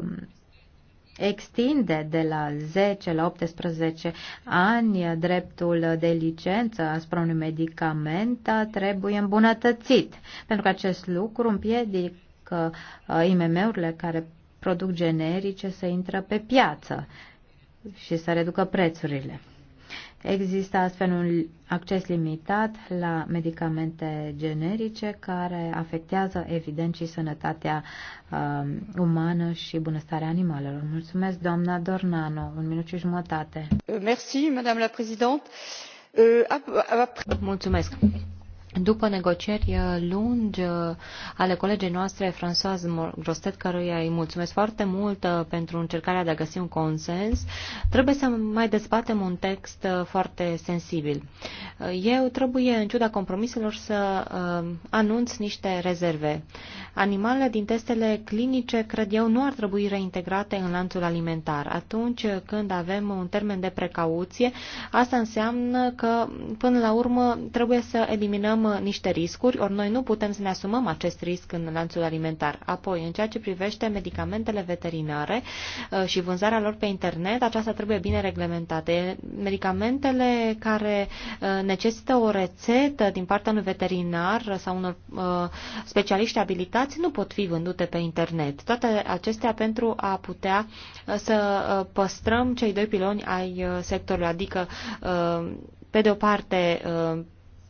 extinde de la 10 la 18 ani dreptul de licență asupra unui medicament trebuie îmbunătățit, pentru că acest lucru împiedică uh, IMM-urile care produc generice să intră pe piață și să reducă prețurile. Există astfel un acces limitat la medicamente generice care afectează evident și sănătatea uh, umană și bunăstarea animalelor. Mulțumesc, doamna Dornano. Un minut și jumătate. Merci, madame la présidente. Euh, Mulțumesc după negocieri eh, lungi eh, ale colegii noastre, Françoise Grostet, căruia îi mulțumesc foarte mult eh, pentru încercarea de a găsi un consens, trebuie să mai dezbatem un text foarte sensibil. Eu trebuie, în ciuda compromiselor, să anunț niște rezerve. Animalele din testele clinice, cred eu, nu ar trebui reintegrate în lanțul alimentar. Atunci când avem un termen de precauție, asta înseamnă că, până la urmă, trebuie să eliminăm asumăm uh, niște riscuri, ori noi nu putem să ne asumăm acest risc în lanțul alimentar. Apoi, în ceea ce privește medicamentele veterinare uh, și vânzarea lor pe internet, aceasta trebuie bine reglementată. Medicamentele care uh, necesită o rețetă din partea unui veterinar sau unor specialiști abilitați nu pot fi vândute pe internet. Toate acestea pentru a putea să păstrăm cei doi piloni ai sectorului, adică pe de o parte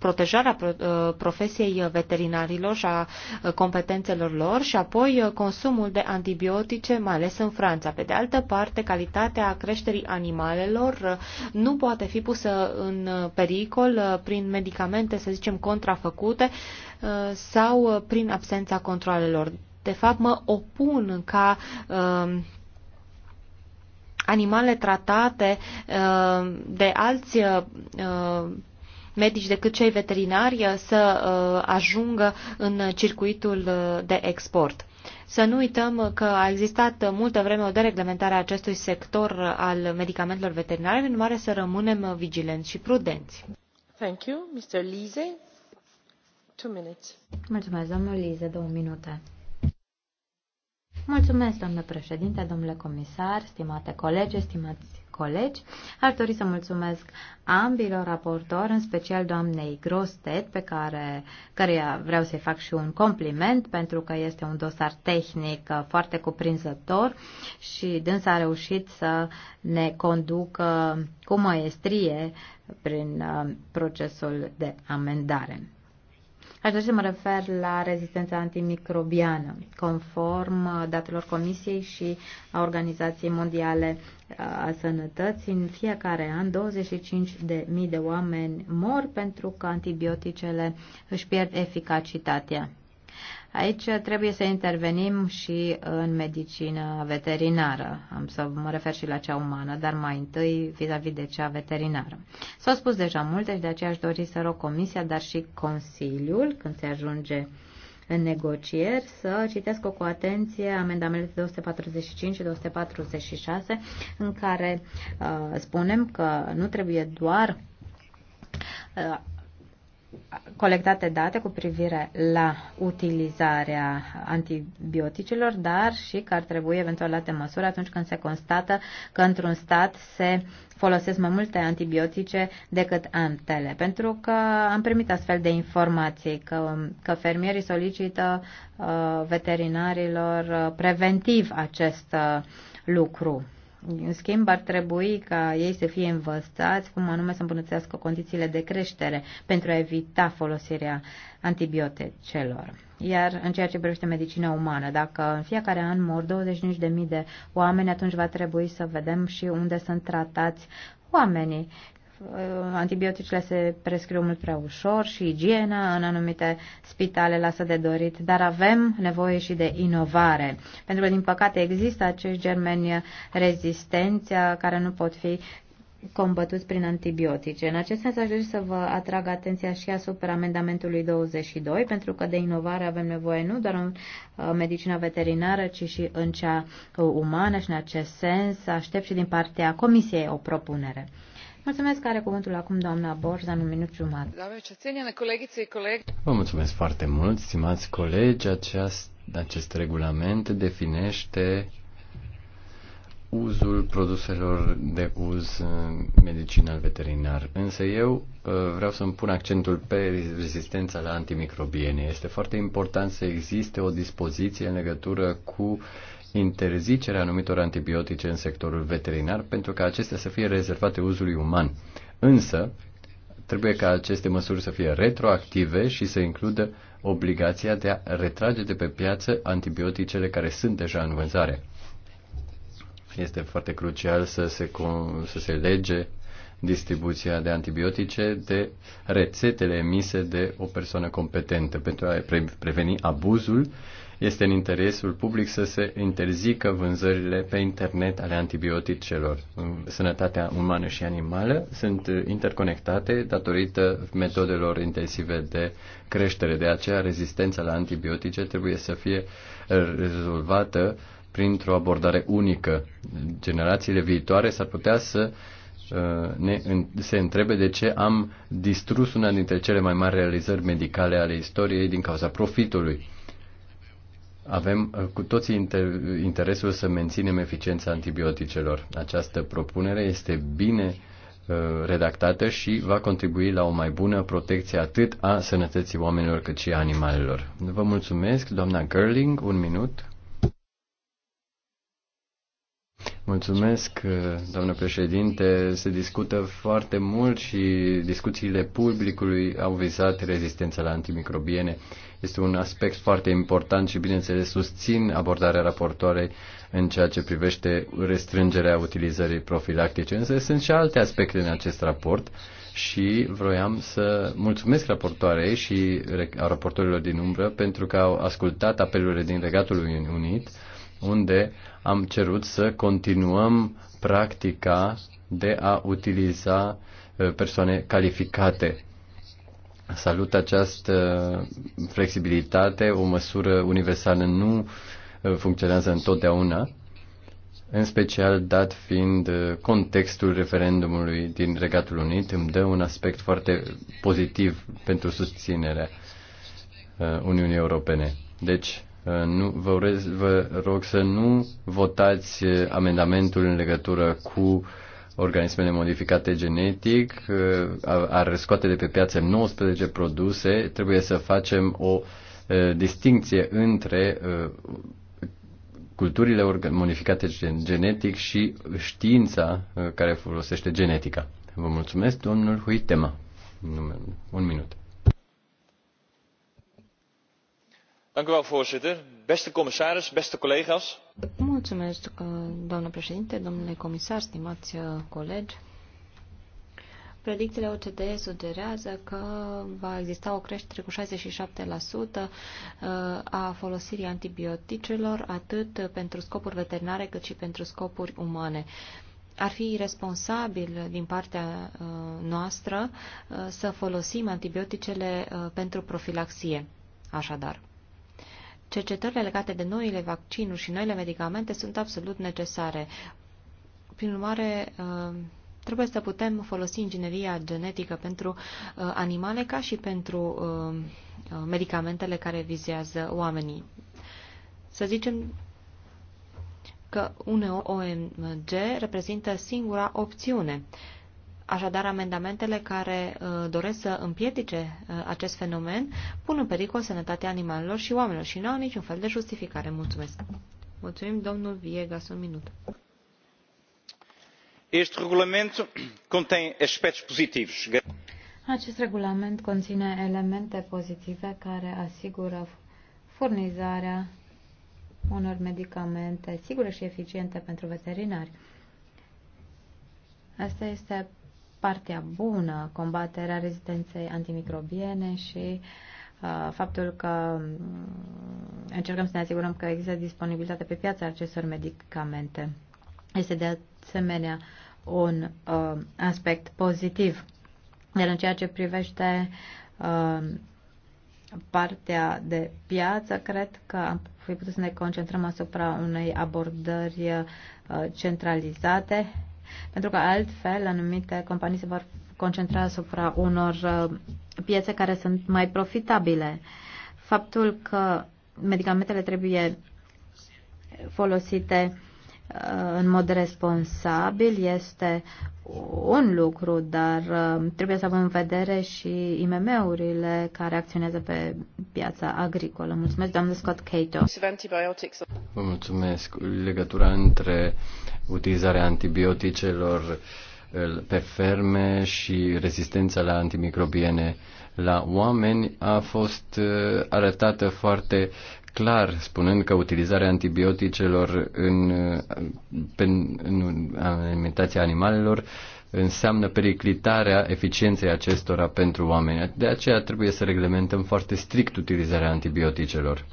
protejarea uh, profesiei veterinarilor și a uh, competențelor lor și apoi uh, consumul de antibiotice, mai ales în Franța. Pe de altă parte, calitatea creșterii animalelor nu poate fi pusă în pericol prin medicamente, să zicem, contrafăcute sau prin absența controlelor. De fapt, mă opun ca animale tratate de alți medici decât cei veterinari uh, să uh, ajungă în circuitul uh, de export. Să nu uităm că a existat multă vreme o dereglementare a acestui sector al medicamentelor veterinare, în urmare să rămânem vigilenți și prudenți. Thank you, Mr. Lise. Two minutes. Mulțumesc, domnul Lise, două minute. Mulțumesc, domnule președinte, domnule comisar, stimate colegi, stimați colegi. ar dori să mulțumesc ambilor raportori, în special doamnei Grostet, pe care care vreau să-i fac și un compliment, pentru că este un dosar tehnic uh, foarte cuprinzător și dânsa a reușit să ne conducă cu maestrie prin uh, procesul de amendare. Aș dori să mă refer la rezistența antimicrobiană, conform uh, datelor Comisiei și a Organizației Mondiale uh, a Sănătății. În fiecare an, 25 de mii de oameni mor pentru că antibioticele își pierd eficacitatea. Aici trebuie să intervenim și în medicină veterinară. Am să mă refer și la cea umană, dar mai întâi vis-a-vis -vis de cea veterinară. S-au spus deja multe și de aceea aș dori să rog Comisia, dar și Consiliul, când se ajunge în negocieri, să citesc cu atenție amendamentele 245 și 246, în care uh, spunem că nu trebuie doar uh, colectate date cu privire la utilizarea antibioticelor, dar și că ar trebui eventual luate măsuri atunci când se constată că într-un stat se folosesc mai multe antibiotice decât antele. Pentru că am primit astfel de informații că, că fermierii solicită uh, veterinarilor uh, preventiv acest uh, lucru. În schimb, ar trebui ca ei să fie învățați cum anume să îmbunătățească condițiile de creștere pentru a evita folosirea antibioticelor. Iar în ceea ce privește medicina umană, dacă în fiecare an mor 25.000 de oameni, atunci va trebui să vedem și unde sunt tratați oamenii Uh, antibioticele se prescriu mult prea ușor și igiena în anumite spitale lasă de dorit, dar avem nevoie și de inovare, pentru că din păcate există acești germeni rezistenți uh, care nu pot fi combătuți prin antibiotice. În acest sens aș dori să vă atrag atenția și asupra amendamentului 22, pentru că de inovare avem nevoie nu doar în uh, medicina veterinară, ci și în cea umană și în acest sens aștept și din partea Comisiei o propunere. Mulțumesc, are cuvântul acum doamna Borza, un minut jumătate. Vă mulțumesc foarte mult, stimați colegi. acest, acest regulament definește uzul produselor de uz medicinal veterinar. Însă eu uh, vreau să-mi pun accentul pe rezistența la antimicrobiene. Este foarte important să existe o dispoziție în legătură cu interzicerea anumitor antibiotice în sectorul veterinar pentru ca acestea să fie rezervate uzului uman. Însă, trebuie ca aceste măsuri să fie retroactive și să includă obligația de a retrage de pe piață antibioticele care sunt deja în vânzare. Este foarte crucial să se, să se lege distribuția de antibiotice de rețetele emise de o persoană competentă pentru a preveni abuzul este în interesul public să se interzică vânzările pe internet ale antibioticelor. Sănătatea umană și animală sunt interconectate datorită metodelor intensive de creștere. De aceea, rezistența la antibiotice trebuie să fie rezolvată printr-o abordare unică. Generațiile viitoare s-ar putea să uh, ne, se întrebe de ce am distrus una dintre cele mai mari realizări medicale ale istoriei din cauza profitului. Avem uh, cu toții inter- interesul să menținem eficiența antibioticelor. Această propunere este bine uh, redactată și va contribui la o mai bună protecție atât a sănătății oamenilor cât și a animalelor. Vă mulțumesc, doamna Gerling, un minut. Mulțumesc, doamnă președinte. Se discută foarte mult și discuțiile publicului au vizat rezistența la antimicrobiene. Este un aspect foarte important și, bineînțeles, susțin abordarea raportoarei în ceea ce privește restrângerea utilizării profilactice. Însă sunt și alte aspecte în acest raport și vroiam să mulțumesc raportoarei și raportorilor din umbră pentru că au ascultat apelurile din Regatul Unit unde am cerut să continuăm practica de a utiliza uh, persoane calificate. Salut această flexibilitate, o măsură universală nu uh, funcționează întotdeauna, în special dat fiind uh, contextul referendumului din Regatul Unit, îmi dă un aspect foarte pozitiv pentru susținerea Uniunii Europene. Deci, Uh, nu, vă, urez, vă rog să nu votați uh, amendamentul în legătură cu organismele modificate genetic. Uh, Ar scoate de pe piață 19 produse. Trebuie să facem o distinție între culturile modificate genetic și știința care folosește genetica. Vă mulțumesc, domnul Huitema. Un minut. voorzitter uh, doamnă președinte, domnule comisar, uh, Predicțiile OCDE sugerează că va exista o creștere cu 67% uh, a folosirii antibioticelor, atât pentru scopuri veterinare cât și pentru scopuri umane ar fi responsabil din partea noastră să folosim antibioticele pentru profilaxie, așadar. Cercetările legate de noile vaccinuri și noile medicamente sunt absolut necesare. Prin urmare, uh, trebuie să putem folosi ingineria genetică pentru uh, animale ca și pentru uh, medicamentele care vizează oamenii. Să zicem că uneori OMG reprezintă singura opțiune. Așadar, amendamentele care uh, doresc să împiedice uh, acest fenomen pun în pericol sănătatea animalelor și oamenilor și nu au niciun fel de justificare. Mulțumesc. Mulțumim, domnul Viegas, un minut. Este regulament contain aspecte pozitive. Acest regulament conține elemente pozitive care asigură furnizarea unor medicamente sigure și eficiente pentru veterinari. Asta este partea bună, combaterea rezistenței antimicrobiene și uh, faptul că mm, încercăm să ne asigurăm că există disponibilitate pe piața acestor medicamente. Este de asemenea un uh, aspect pozitiv. Iar în ceea ce privește uh, partea de piață, cred că am fi putut să ne concentrăm asupra unei abordări uh, centralizate pentru că altfel anumite companii se vor concentra asupra unor uh, piețe care sunt mai profitabile. Faptul că medicamentele trebuie folosite Uh, în mod responsabil este un lucru, dar uh, trebuie să avem în vedere și IMM-urile care acționează pe piața agricolă. Mulțumesc, doamnă Scott Cato. Vă mulțumesc. Legătura între utilizarea antibioticelor uh, pe ferme și rezistența la antimicrobiene la oameni a fost arătată foarte clar, spunând că utilizarea antibioticelor în, în alimentația animalelor înseamnă periclitarea eficienței acestora pentru oameni. De aceea trebuie să reglementăm foarte strict utilizarea antibioticelor.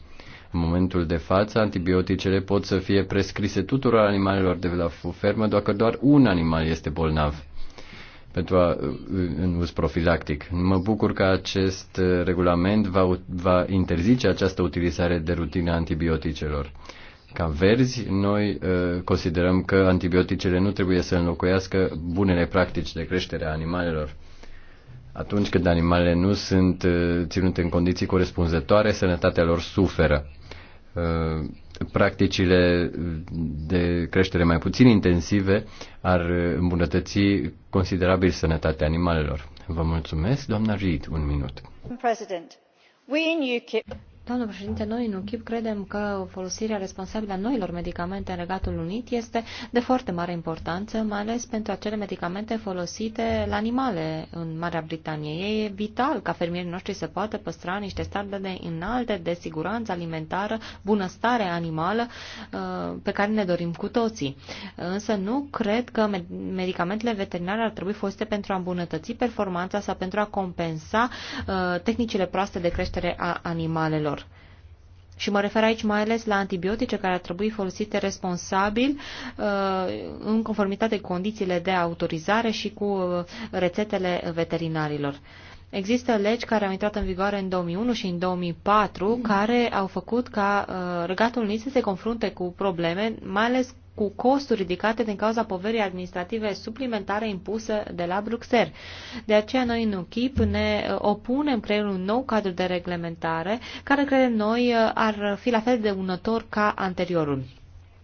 În momentul de față, antibioticele pot să fie prescrise tuturor animalelor de la fermă, dacă doar un animal este bolnav pentru a, în uz profilactic. Mă bucur că acest uh, regulament va, va interzice această utilizare de rutină a antibioticelor. Ca verzi, noi uh, considerăm că antibioticele nu trebuie să înlocuiască bunele practici de creștere a animalelor. Atunci când animalele nu sunt uh, ținute în condiții corespunzătoare, sănătatea lor suferă. Uh, practicile de creștere mai puțin intensive ar îmbunătăți considerabil sănătatea animalelor. Vă mulțumesc, doamna Reid, un minut. Doamnă președinte, noi în UKIP credem că folosirea responsabilă a noilor medicamente în Regatul Unit este de foarte mare importanță, mai ales pentru acele medicamente folosite la animale în Marea Britanie. E vital ca fermierii noștri să poată păstra niște standarde înalte de siguranță alimentară, bunăstare animală uh, pe care ne dorim cu toții. Însă nu cred că medicamentele veterinare ar trebui folosite pentru a îmbunătăți performanța sau pentru a compensa uh, tehnicile proaste de creștere a animalelor lor. Și mă refer aici mai ales la antibiotice care ar trebui folosite responsabil uh, în conformitate cu condițiile de autorizare și cu uh, rețetele veterinarilor. Există legi care au intrat în vigoare în 2001 și în 2004 care au făcut ca uh, Regatul nici să se confrunte cu probleme, mai ales cu costuri ridicate din cauza poverii administrative suplimentare impuse de la Bruxelles. De aceea noi în UKIP ne uh, opunem creierul un nou cadru de reglementare care credem noi uh, ar fi la fel de unător ca anteriorul.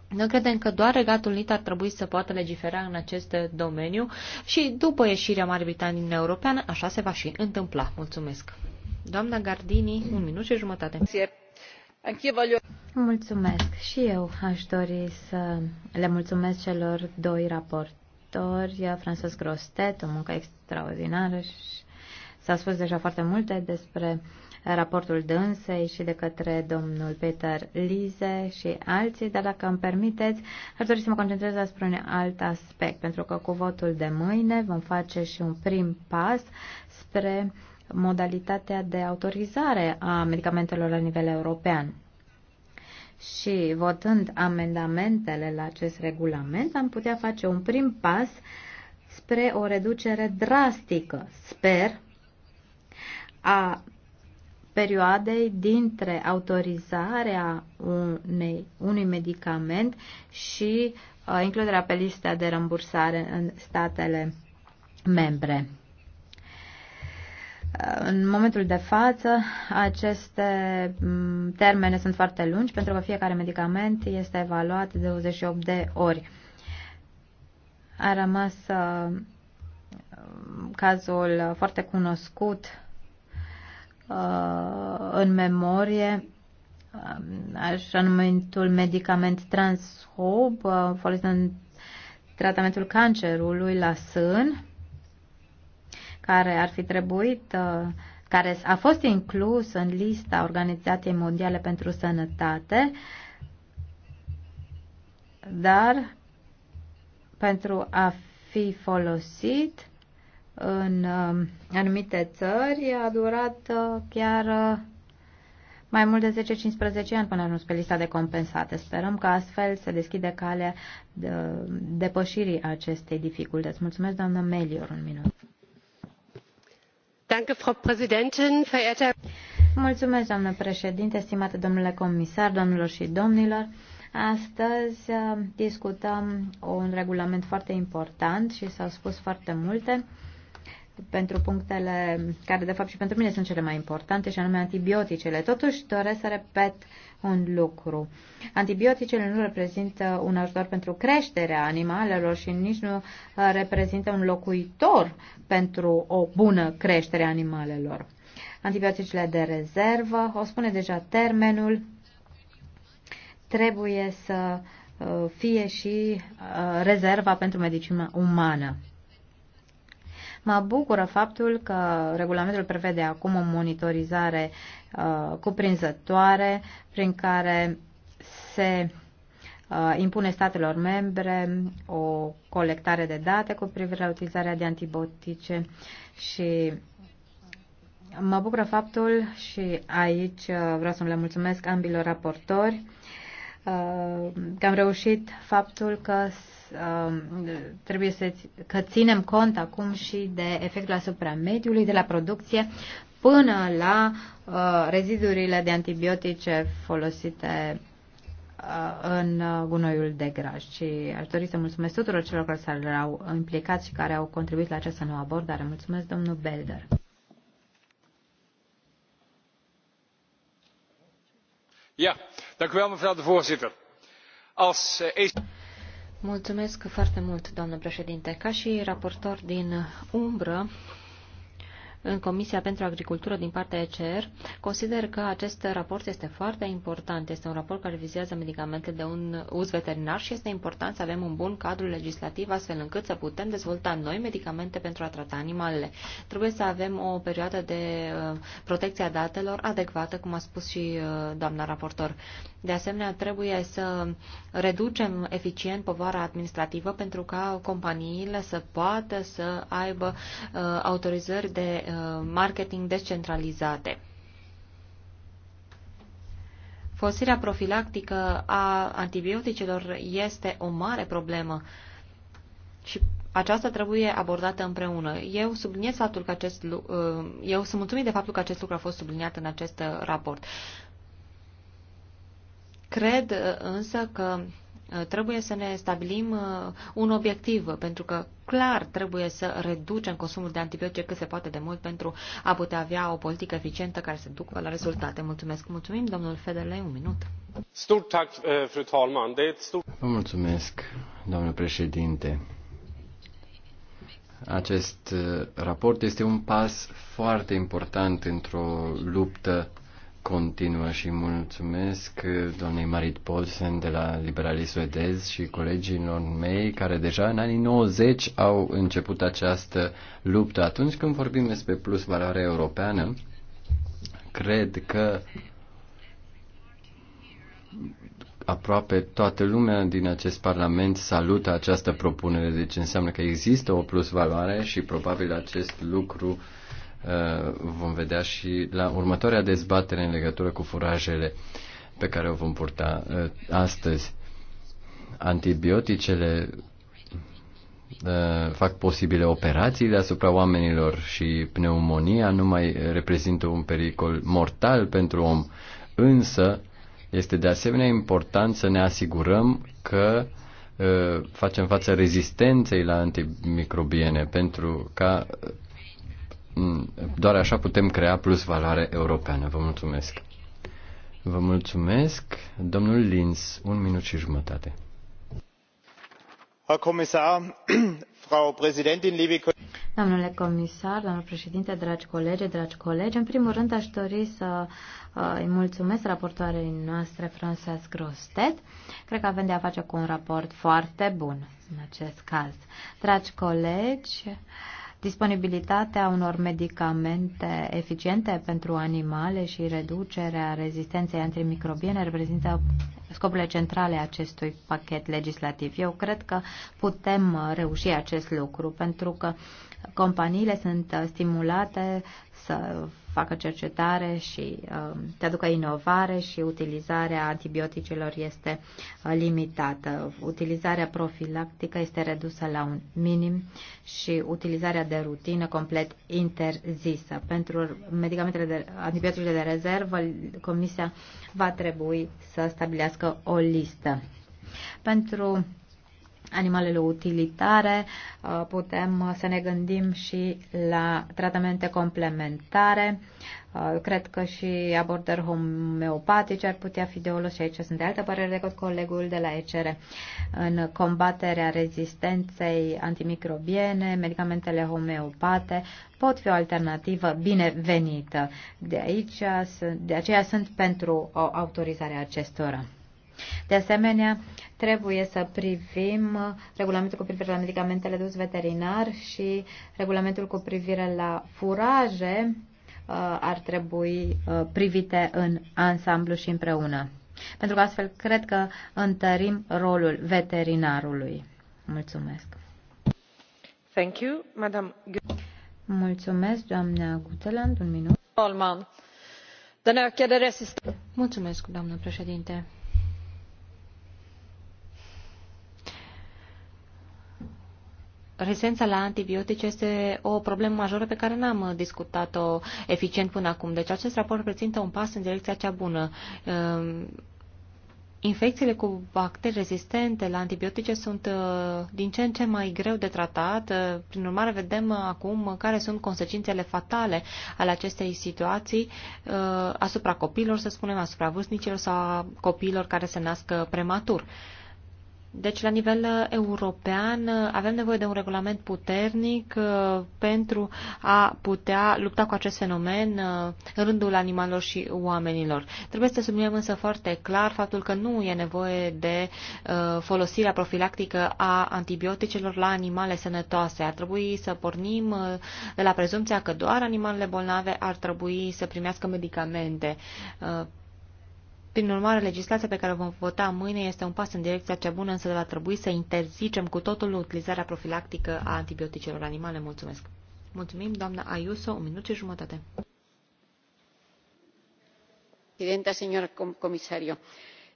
Noi credem că doar Regatul Unit ar trebui să poată legifera în acest domeniu și după ieșirea Marii Britanii din Europeană, așa se va și întâmpla. Mulțumesc. Doamna Gardini, un minut și jumătate. Mulțumesc și eu aș dori să le mulțumesc celor doi raportori, Francesc Grostet, o muncă extraordinară și s-a spus deja foarte multe despre raportul dânsei și de către domnul Peter Lize și alții, dar dacă îmi permiteți, aș dori să mă concentrez asupra un alt aspect, pentru că cu votul de mâine vom face și un prim pas spre uh, modalitatea de autorizare a medicamentelor la nivel european. Și votând amendamentele la acest regulament, am putea face un prim pas spre o reducere drastică, sper, a perioadei dintre autorizarea unei, unui medicament și uh, includerea pe lista de rambursare în statele membre. În momentul de față, aceste mm, termene sunt foarte lungi pentru că fiecare medicament este evaluat de 28 de ori. A rămas uh, cazul foarte cunoscut uh, în memorie, uh, așa numitul medicament transhob, folosit în tratamentul cancerului la sân, care ar fi trebuit, uh, care a fost inclus în lista Organizației Mondiale pentru Sănătate, dar pentru a fi folosit în uh, anumite țări a durat uh, chiar mai mult de 10-15 ani până ajuns pe lista de compensate. Sperăm că astfel se deschide calea de depășirii acestei dificultăți. Mulțumesc, doamnă Melior, un minut. Mulțumesc, doamnă președinte, stimate domnule comisar, doamnelor și domnilor. Astăzi uh, discutăm un regulament foarte important și s-au spus foarte multe pentru punctele care, de fapt, și pentru mine sunt cele mai importante, și anume antibioticele. Totuși, doresc să repet un lucru. Antibioticele nu reprezintă un ajutor pentru creșterea animalelor și nici nu uh, reprezintă un locuitor pentru o bună creștere a animalelor. Antibioticele de rezervă, o spune deja termenul, trebuie să uh, fie și uh, rezerva pentru medicină umană. Mă bucură faptul că regulamentul prevede acum o monitorizare uh, cuprinzătoare prin care se uh, impune statelor membre o colectare de date cu privire la utilizarea de antibiotice și mă bucură faptul și aici uh, vreau să le mulțumesc ambilor raportori că am reușit faptul că um, trebuie să că ținem cont acum și de efectul asupra mediului, de la producție până la uh, rezidurile de antibiotice folosite uh, în uh, gunoiul de graj și aș dori să mulțumesc tuturor celor care s-au implicat și care au contribuit la această nouă abordare. Mulțumesc, domnul Belder. Eh, Mulțumesc foarte mult, doamnă președinte. Ca și raportor din umbră, în Comisia pentru Agricultură din partea ECR, consider că acest raport este foarte important. Este un raport care vizează medicamente de un uz veterinar și este important să avem un bun cadru legislativ astfel încât să putem dezvolta noi medicamente pentru a trata animalele. Trebuie să avem o perioadă de uh, protecție a datelor adecvată, cum a spus și uh, doamna raportor. De asemenea, trebuie să reducem eficient povara administrativă pentru ca companiile să poată să aibă uh, autorizări de Uh, marketing descentralizate. Folosirea profilactică a antibioticelor este o mare problemă și aceasta trebuie abordată împreună. Eu subliniez faptul că acest uh, eu sunt mulțumit de faptul că acest lucru a fost subliniat în acest uh, raport. Cred însă că Uh, trebuie să ne stabilim uh, un obiectiv, pentru că clar trebuie să reducem consumul de antibiotice cât se poate de mult pentru a putea avea o politică eficientă care să ducă la rezultate. Mulțumesc. Mulțumim, domnul Federle, un minut. Uh, Vă mulțumesc, domnule președinte. Acest raport este un pas foarte important într-o luptă continuă și mulțumesc doamnei Marit Paulsen de la Liberalii Suedezi și colegilor mei care deja în anii 90 au început această luptă. Atunci când vorbim despre plus valoare europeană, cred că aproape toată lumea din acest Parlament salută această propunere, deci înseamnă că există o plus valoare și probabil acest lucru uh, Uh, vom vedea și la următoarea dezbatere în legătură cu furajele pe care o vom purta uh, astăzi. Antibioticele uh, fac posibile operațiile asupra oamenilor și pneumonia nu mai reprezintă un pericol mortal pentru om. Însă, este de asemenea important să ne asigurăm că facem față rezistenței la antimicrobiene pentru ca Mm, doar așa putem crea plus valoare europeană. Vă mulțumesc. Vă mulțumesc, domnul Linz, un minut și jumătate. Herr Kommissar, Frau Präsidentin, liebe Domnule comisar, domnule președinte, dragi colegi, dragi colegi, în primul rând aș dori să uh, îi mulțumesc raportoarei noastre, Frances Grostet. Cred că avem de a face cu un raport foarte bun în acest caz. Dragi colegi, disponibilitatea unor medicamente eficiente pentru animale și reducerea rezistenței antimicrobiene reprezintă scopurile centrale acestui pachet legislativ. Eu cred că putem reuși acest lucru pentru că companiile sunt uh, stimulate să facă cercetare și te um, aducă inovare și utilizarea antibioticelor este uh, limitată. Utilizarea profilactică este redusă la un minim și utilizarea de rutină complet interzisă. Pentru medicamentele de antibiotice de rezervă, Comisia va trebui să stabilească o listă. Pentru animalele utilitare, uh, putem uh, să ne gândim și la tratamente complementare. Uh, cred că și abordări homeopatice ar putea fi de olos și aici sunt de altă părere decât colegul de la ECR. În combaterea rezistenței antimicrobiene, medicamentele homeopate pot fi o alternativă binevenită. De, aici, de aceea sunt pentru autorizarea acestora. De asemenea, trebuie să privim regulamentul cu privire la medicamentele dus veterinar și regulamentul cu privire la furaje uh, ar trebui uh, privite în ansamblu și împreună. Pentru că astfel cred că întărim rolul veterinarului. Mulțumesc. Thank you, Madam. Mulțumesc, doamna Guteland, un minut. Mulțumesc, doamnă președinte rezistența la antibiotice este o problemă majoră pe care n-am discutat-o eficient până acum. Deci acest raport reprezintă un pas în direcția cea bună. Ehm, infecțiile cu bacterii rezistente la antibiotice sunt uh, din ce în ce mai greu de tratat. Uh, prin urmare, vedem uh, acum care sunt consecințele fatale ale acestei situații asupra copiilor, să spunem, asupra vârstnicilor sau a copiilor care se nasc prematur. Deci, la nivel uh, european, uh, avem nevoie de un regulament puternic uh, pentru a putea lupta cu acest fenomen în rândul animalelor și oamenilor. Trebuie să subliniem însă foarte clar faptul că nu e nevoie de folosirea profilactică a antibioticelor la animale sănătoase. Ar trebui să pornim de la prezumția că doar animalele bolnave ar trebui să primească medicamente prin urmare, legislația pe care o vom vota mâine este un pas în direcția cea bună, însă va trebui să interzicem cu totul utilizarea profilactică a antibioticelor animale. Mulțumesc! Mulțumim, doamna Ayuso, un minut și jumătate. Presidenta, señor comisario,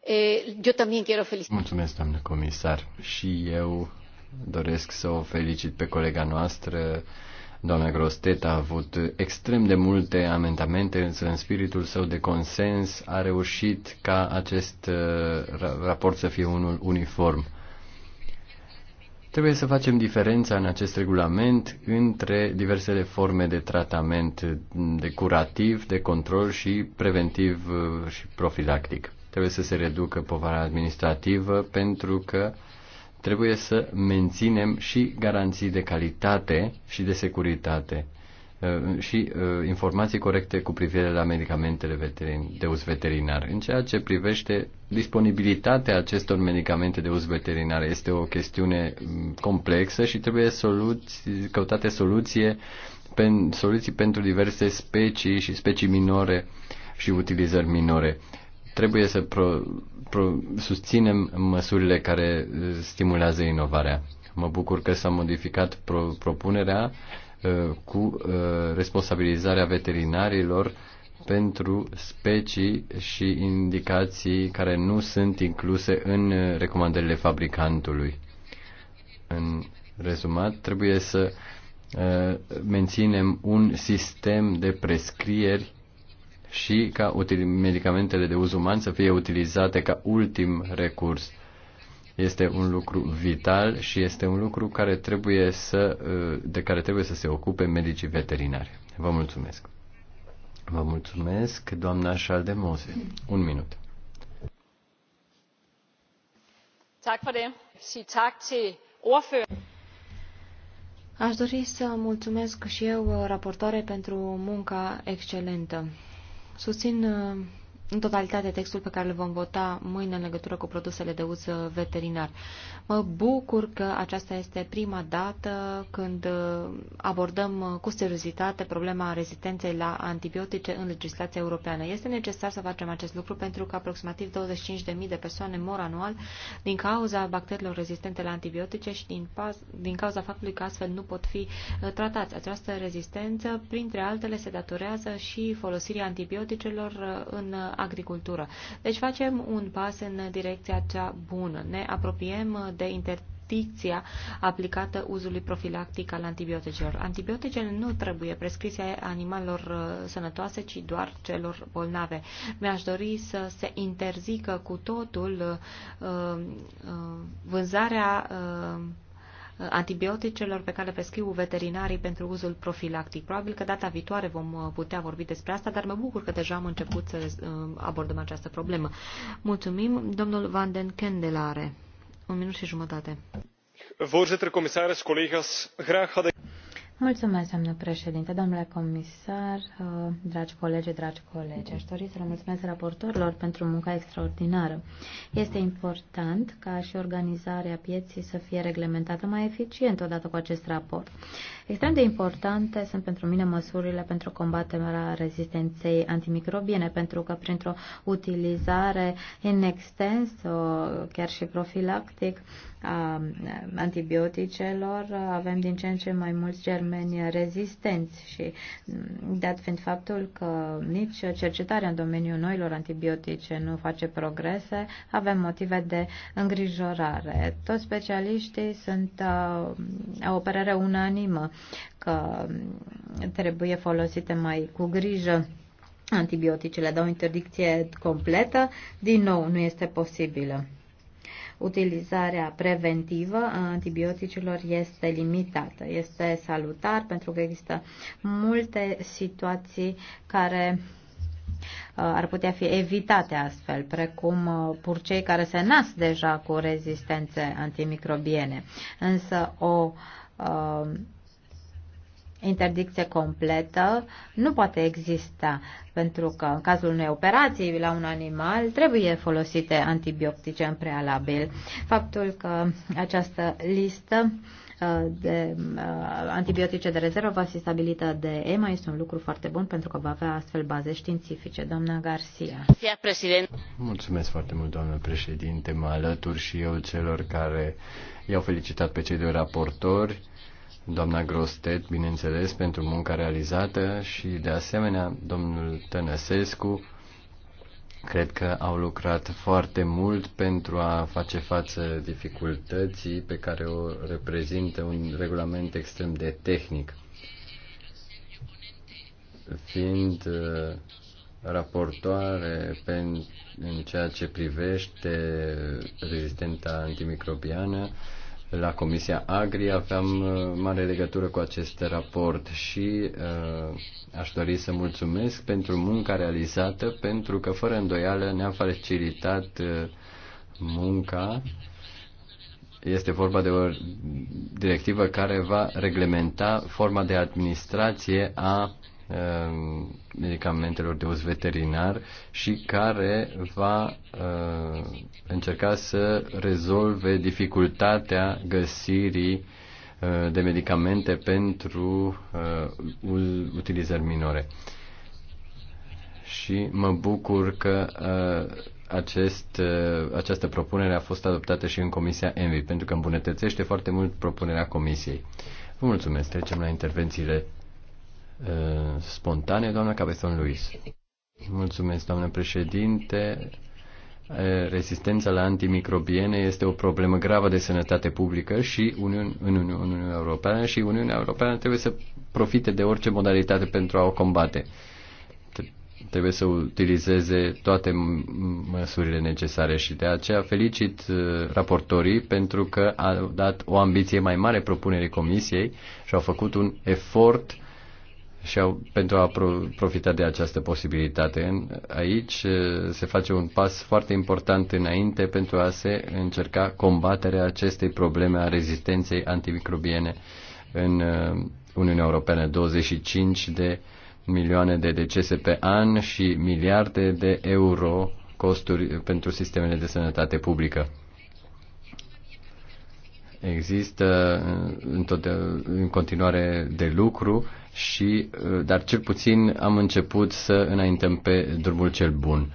eu eh, también quiero felicitar. Mulțumesc, doamnă comisar. Și eu doresc să o felicit pe colega noastră, Doamna Grostet a avut extrem de multe amendamente, însă în spiritul său de consens a reușit ca acest uh, raport să fie unul uniform. Trebuie să facem diferența în acest regulament între diversele forme de tratament de curativ, de control și preventiv uh, și profilactic. Trebuie să se reducă povara administrativă pentru că uh, trebuie să menținem și garanții de calitate și de securitate uh, și uh, informații corecte cu privire la medicamentele de uz veterinar. În ceea ce privește disponibilitatea acestor medicamente de uz veterinar, este o chestiune mm, complexă și trebuie soluții, căutate soluție, soluții pentru diverse specii și specii minore și utilizări minore. Trebuie să pro, pro, susținem măsurile care uh, stimulează inovarea. Mă bucur că s-a modificat pro, propunerea uh, cu uh, responsabilizarea veterinarilor pentru specii și indicații care nu sunt incluse în recomandările fabricantului. În rezumat, trebuie să menținem un sistem de prescrieri și ca medicamentele de uz uman să fie utilizate ca ultim recurs. Este un lucru vital și este un lucru care trebuie să, de care trebuie să se ocupe medicii veterinari. Vă mulțumesc. Vă mulțumesc, doamna Șaldemose. Un minut. Tak for det. tak til ordføreren. Aș dori să mulțumesc și eu, raportoare, pentru munca excelentă. Susțin uh, în totalitate textul pe care îl vom vota mâine în legătură cu produsele de uz veterinar. Mă bucur că aceasta este prima dată când uh, abordăm uh, cu seriozitate problema rezistenței la antibiotice în legislația europeană. Este necesar să facem acest lucru pentru că aproximativ 25.000 de persoane mor anual din cauza bacteriilor rezistente la antibiotice și din, din cauza faptului că astfel nu pot fi uh, tratați. Această rezistență, printre altele, se datorează și folosirii antibioticelor în agricultură. Deci facem un pas în direcția cea bună. Ne apropiem de inter interdicția aplicată uzului profilactic al antibioticelor. Antibioticele nu trebuie prescrise animalelor uh, sănătoase, ci doar celor bolnave. Mi-aș dori să se interzică cu totul uh, uh, vânzarea uh, antibioticelor pe care le prescriu veterinarii pentru uzul profilactic. Probabil că data viitoare vom uh, putea vorbi despre asta, dar mă bucur că deja am început să uh, abordăm această problemă. Mulțumim, domnul Van den Kendelare. Un minut și jumătate. Voorzitter, commissaris, collega's, graag had ik... Mulțumesc, doamnă președinte, domnule comisar, uh, dragi colegi, dragi colegi. Aș dori să le mulțumesc raportorilor pentru munca extraordinară. Este important ca și organizarea pieții să fie reglementată mai eficient odată cu acest raport. Extrem de importante sunt pentru mine măsurile pentru combaterea rezistenței antimicrobiene, pentru că printr-o utilizare în extens, chiar și profilactic, a antibioticelor, avem din ce în ce mai mulți germeni rezistenți și mm, dat fiind faptul că nici cercetarea în domeniul noilor antibiotice nu face progrese, avem motive de îngrijorare. Toți specialiștii sunt, au o părere unanimă că trebuie folosite mai cu grijă antibioticele, dar o interdicție completă, din nou, nu este posibilă. Utilizarea preventivă a antibioticilor este limitată. Este salutar pentru că există multe situații care uh, ar putea fi evitate astfel, precum uh, purcei care se nasc deja cu rezistențe antimicrobiene. Însă o uh, interdicție completă nu poate exista, pentru că în cazul unei operații la un animal trebuie folosite antibiotice în prealabil. Faptul că această listă uh, de uh, antibiotice de rezervă va fi stabilită de EMA este un lucru foarte bun pentru că va avea astfel baze științifice. Doamna Garcia. Mulțumesc foarte mult, doamnă președinte. Mă alătur și eu celor care i-au felicitat pe cei doi raportori doamna Grostet, bineînțeles, pentru munca realizată și, de asemenea, domnul Tănăsescu. Cred că au lucrat foarte mult pentru a face față dificultății pe care o reprezintă un regulament extrem de tehnic. Fiind uh, raportoare în ceea ce privește rezistenta antimicrobiană, la Comisia Agri aveam uh, mare legătură cu acest raport și uh, aș dori să mulțumesc pentru munca realizată, pentru că fără îndoială ne-a facilitat uh, munca. Este vorba de o directivă care va reglementa forma de administrație a Ehm, medicamentelor de uz veterinar și care va ehm, încerca să rezolve dificultatea găsirii ehm, de medicamente pentru utilizări minore. Și mă bucur că acest, această propunere a fost adoptată și în Comisia ENVI, pentru că îmbunătățește foarte mult propunerea Comisiei. Vă mulțumesc. Trecem la intervențiile uh, spontane, doamna Cabezon Luis. Mulțumesc, doamnă președinte. Uh, Rezistența la antimicrobiene este o problemă gravă de sănătate publică și Uniun, în Uniunea Europeană și Uniunea Europeană trebuie să profite de orice modalitate pentru a o combate. Trebuie să utilizeze toate măsurile necesare și de aceea felicit uh, raportorii pentru că au dat o ambiție mai mare propunerii Comisiei și au făcut un efort uh, și au, pentru a pro, profita de această posibilitate. Aici eh, se face un pas foarte important înainte pentru a se încerca combaterea acestei probleme a rezistenței antimicrobiene în eh, Uniunea Europeană. 25 de milioane de decese pe an și miliarde de euro costuri pentru sistemele de sănătate publică. Există în continuare de lucru și, uh, dar cel puțin am început să înaintăm pe drumul cel bun.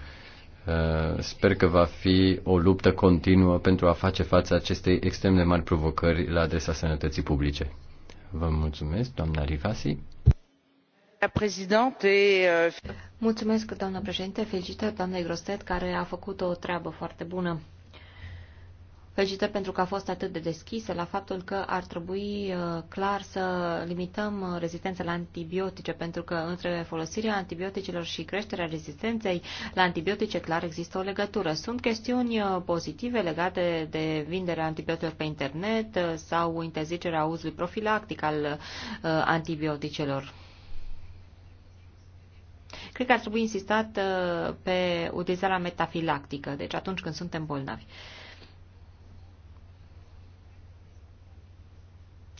Uh, sper că va fi o luptă continuă pentru a face față acestei extrem de mari provocări la adresa sănătății publice. Vă mulțumesc, doamna Rivasi. Uh, mulțumesc, doamna președinte. Felicitări, doamnei Grostet, care a făcut o treabă foarte bună. Felicitări pentru că a fost atât de deschisă la faptul că ar trebui uh, clar să limităm uh, rezistența la antibiotice, pentru că între folosirea antibioticelor și creșterea rezistenței la antibiotice clar există o legătură. Sunt chestiuni uh, pozitive legate de vinderea antibioticelor pe internet sau interzicerea uzului profilactic al antibioticelor. Cred că ar trebui insistat pe utilizarea metafilactică, deci atunci când suntem bolnavi.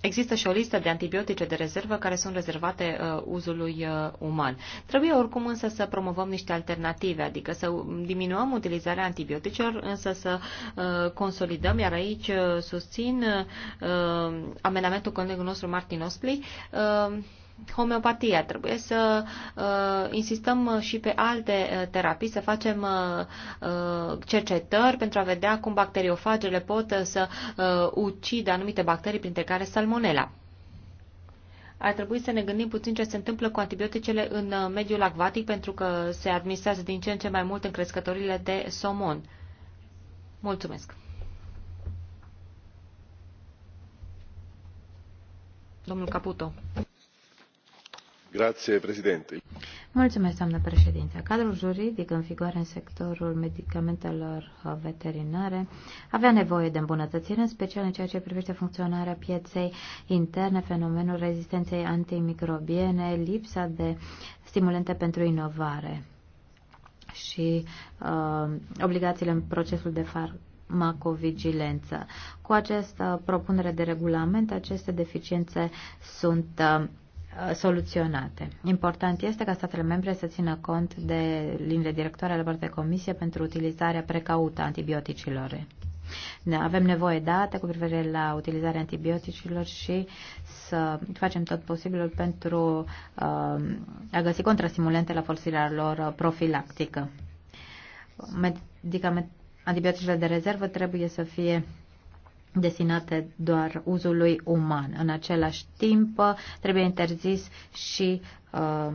Există și o listă de antibiotice de rezervă care sunt rezervate uh, uzului uh, uman. Trebuie oricum însă să promovăm niște alternative, adică să diminuăm utilizarea antibioticelor, însă să uh, consolidăm, iar aici uh, susțin uh, uh amenamentul colegului nostru Martin Ospli, uh, homeopatia, trebuie să uh, insistăm și pe alte uh, terapii, să facem uh, uh, cercetări pentru a vedea cum bacteriofagele pot uh, să uh, ucidă anumite bacterii, printre care salmonela. Ar trebui să ne gândim puțin ce se întâmplă cu antibioticele în mediul acvatic, pentru că se administrează din ce în ce mai mult în crescătorile de somon. Mulțumesc! Domnul Caputo. Mulțumesc, doamnă președinte. Cadrul juridic în vigoare în sectorul medicamentelor veterinare avea nevoie de îmbunătățire, în special în ceea ce privește funcționarea pieței interne, fenomenul rezistenței antimicrobiene, lipsa de stimulente pentru inovare și uh, obligațiile în procesul de far farmacovigilență. Cu această propunere de regulament, aceste deficiențe sunt uh, Uh, soluționate. Important este ca statele membre să țină cont de linile directoare ale de comisie pentru utilizarea precaută a antibioticilor. Avem nevoie date cu privire la utilizarea antibioticilor și să facem tot posibilul pentru uh, a găsi contrastimulente la folosirea lor profilactică. Medicament, antibioticile de rezervă trebuie să fie destinate doar uzului uman. În același timp, trebuie interzis și uh,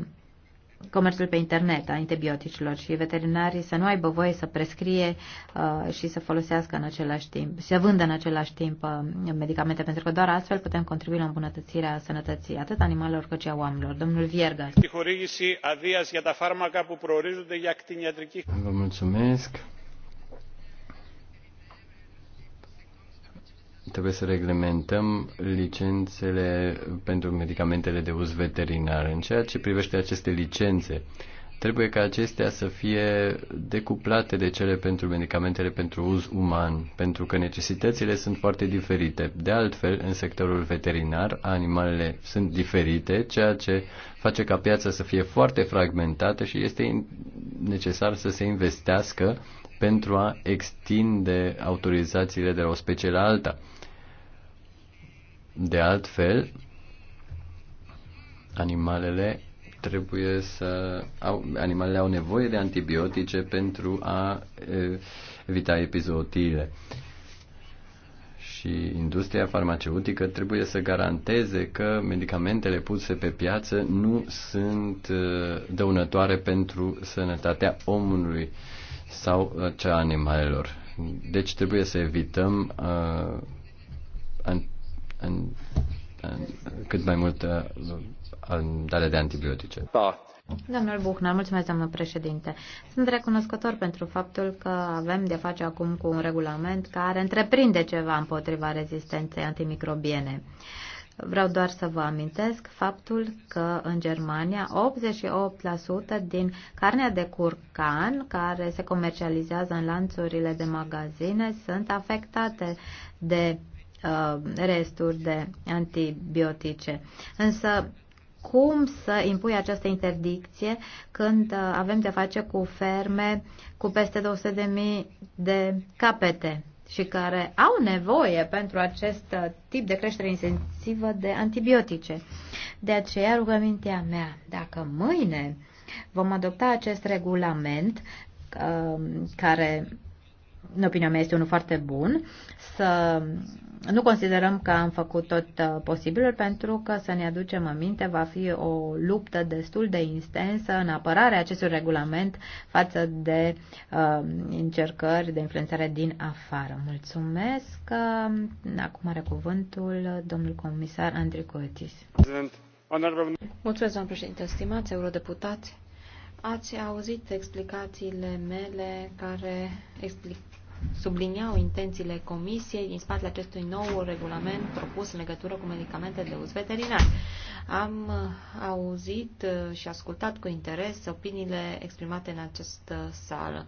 comerțul pe internet a antibioticilor și veterinarii să nu aibă voie să prescrie uh, și să folosească în același timp, să vândă în același timp uh, medicamente, pentru că doar astfel putem contribui la îmbunătățirea sănătății atât animalelor cât și a oamenilor. Domnul Vierga. Vă mulțumesc. trebuie să reglementăm licențele pentru medicamentele de uz veterinar. În ceea ce privește aceste licențe, trebuie ca acestea să fie decuplate de cele pentru medicamentele pentru uz uman, pentru că necesitățile sunt foarte diferite. De altfel, în sectorul veterinar, animalele sunt diferite, ceea ce face ca piața să fie foarte fragmentată și este necesar să se investească pentru a extinde autorizațiile de la o specie la alta. De altfel, animalele trebuie să au, animalele au nevoie de antibiotice pentru a evita epizootiile. Și industria farmaceutică trebuie să garanteze că medicamentele puse pe piață nu sunt dăunătoare pentru sănătatea omului sau cea animalelor. Deci trebuie să evităm uh, în, în, cât mai uh, în dare de antibiotice. Da. Domnul Buchner, mulțumesc, doamnă președinte. Sunt recunoscător pentru faptul că avem de face acum cu un regulament care întreprinde ceva împotriva rezistenței antimicrobiene. Vreau doar să vă amintesc faptul că în Germania 88% din carnea de curcan care se comercializează în lanțurile de magazine sunt afectate de Uh, resturi de antibiotice. Însă, cum să impui această interdicție când uh, avem de face cu ferme cu peste 200.000 de capete și care au nevoie pentru acest uh, tip de creștere intensivă de antibiotice. De aceea rugămintea mea, dacă mâine vom adopta acest regulament care, în opinia mea, este unul foarte bun, să nu considerăm că am făcut tot uh, posibilul pentru că, să ne aducem în minte, va fi o luptă destul de intensă în apărarea acestui regulament față de uh, încercări de influențare din afară. Mulțumesc. Uh, acum are cuvântul domnul comisar Andricotis. Mulțumesc, domnul președinte, stimați eurodeputați. Ați auzit explicațiile mele care explic subliniau intențiile comisiei din spatele acestui nou regulament propus în legătură cu medicamentele de uz veterinar. Am uh, auzit uh, și ascultat cu interes opiniile exprimate în această sală.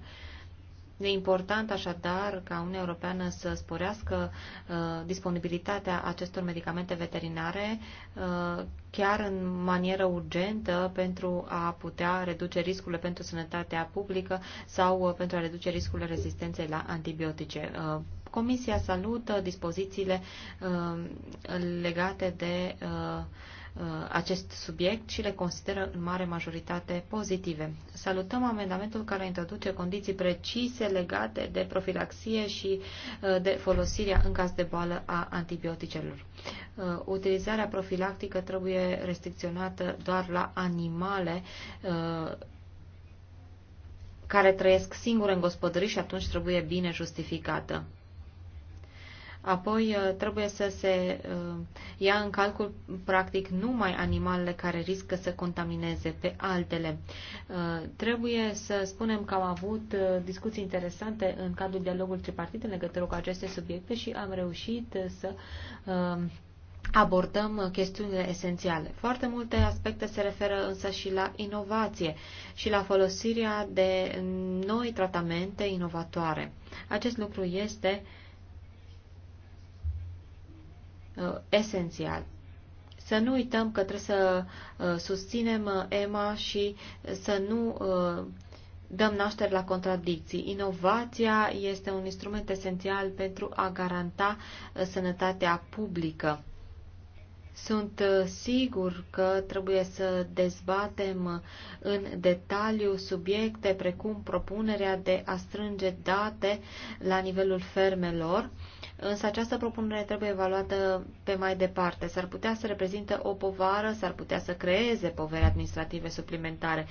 E important așadar ca Uniunea Europeană să sporească uh, disponibilitatea acestor medicamente veterinare uh, chiar în manieră urgentă pentru a putea reduce riscurile pentru sănătatea publică sau uh, pentru a reduce riscurile rezistenței la antibiotice. Uh, Comisia salută dispozițiile uh, legate de uh, Uh, acest subiect și le consideră în mare majoritate pozitive. Salutăm amendamentul care introduce condiții precise legate de profilaxie și uh, de folosirea în caz de boală a antibioticelor. Uh, utilizarea profilactică trebuie restricționată doar la animale care trăiesc singure în gospodării și atunci trebuie bine justificată. Apoi uh, trebuie să se uh, ia în calcul practic numai animalele care riscă să contamineze pe altele. Uh, trebuie să spunem că am avut discuții interesante în cadrul dialogului tripartit în legătură cu aceste subiecte și am reușit să abordăm chestiunile esențiale. Foarte multe aspecte se referă însă și la inovație și la folosirea de noi tratamente inovatoare. Acest lucru este uh, uh, esențial. Să nu uităm că trebuie să uh, susținem uh, EMA și să nu uh, dăm naștere la contradicții. Inovația este un instrument esențial pentru a garanta uh, sănătatea publică. Sunt uh, sigur că trebuie să dezbatem în detaliu subiecte precum propunerea de a strânge date la nivelul fermelor însă această propunere trebuie evaluată pe mai departe. S-ar putea să reprezintă o povară, s-ar putea să creeze povere administrative suplimentare.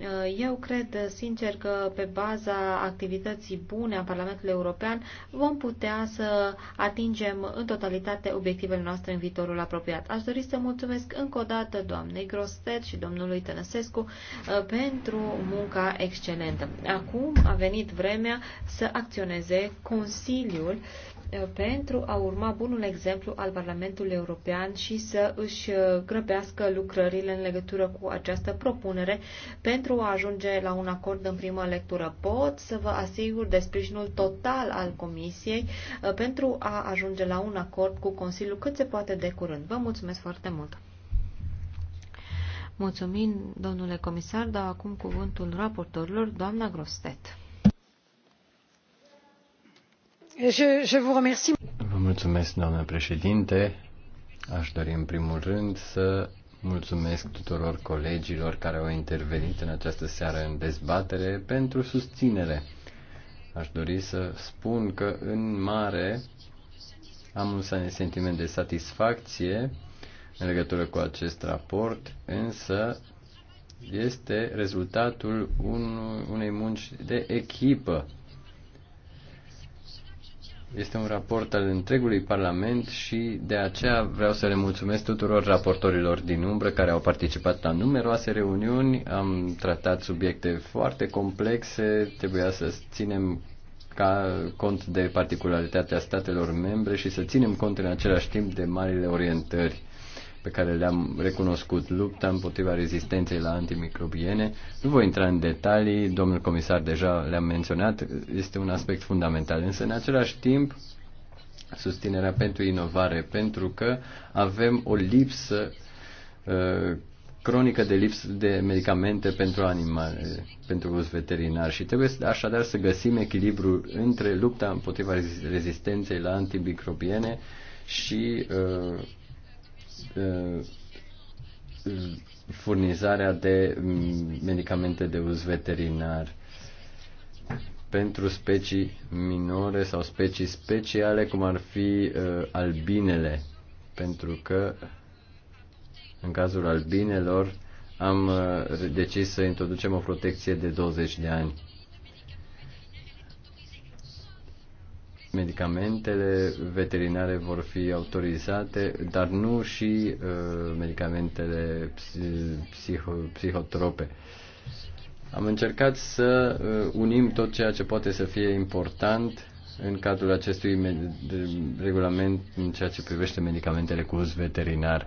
Uh, eu cred sincer că pe baza activității bune a Parlamentului European vom putea să atingem în totalitate obiectivele noastre în viitorul apropiat. Aș dori să mulțumesc încă o dată doamnei Grostet și domnului Tănăsescu uh, pentru munca excelentă. Acum a venit vremea să acționeze Consiliul Eh, pentru a urma bunul exemplu al Parlamentului European și să își eh, grăbească lucrările în legătură cu această propunere pentru a ajunge la un acord în primă lectură. Pot să vă asigur de sprijinul total al Comisiei eh, pentru a ajunge la un acord cu Consiliul cât se poate de curând. Vă mulțumesc foarte mult! Mulțumim, domnule comisar, dau acum cuvântul raportorilor, doamna Grostet. Vă mulțumesc, doamnă președinte. Aș dori în primul rând să mulțumesc tuturor colegilor care au intervenit în această seară în dezbatere pentru susținere. Aș dori să spun că în mare am un sentiment de satisfacție în legătură cu acest raport, însă este rezultatul unei munci de echipă este un raport al întregului Parlament și de aceea vreau să le mulțumesc tuturor raportorilor din umbră care au participat la numeroase reuniuni. Am tratat subiecte foarte complexe, trebuia să ținem ca cont de particularitatea statelor membre și să ținem cont în același timp de marile orientări pe care le-am recunoscut, lupta împotriva rezistenței la antimicrobiene. Nu voi intra în detalii, domnul comisar deja le-am menționat, este un aspect fundamental, însă în același timp susținerea pentru inovare, pentru că avem o lipsă uh, cronică de lipsă de medicamente pentru animale, pentru uz veterinar și trebuie așadar să găsim echilibru între lupta împotriva rezistenței la antimicrobiene și uh, Uh, furnizarea de mm, medicamente de uz veterinar pentru specii minore sau specii speciale, cum ar fi uh, albinele, pentru că în cazul albinelor am uh, decis să introducem o protecție de 20 de ani. medicamentele veterinare vor fi autorizate, dar nu și uh, medicamentele psiho, psihotrope. Am încercat să uh, unim tot ceea ce poate să fie important în cadrul acestui regulament în ceea ce privește medicamentele cu uz veterinar.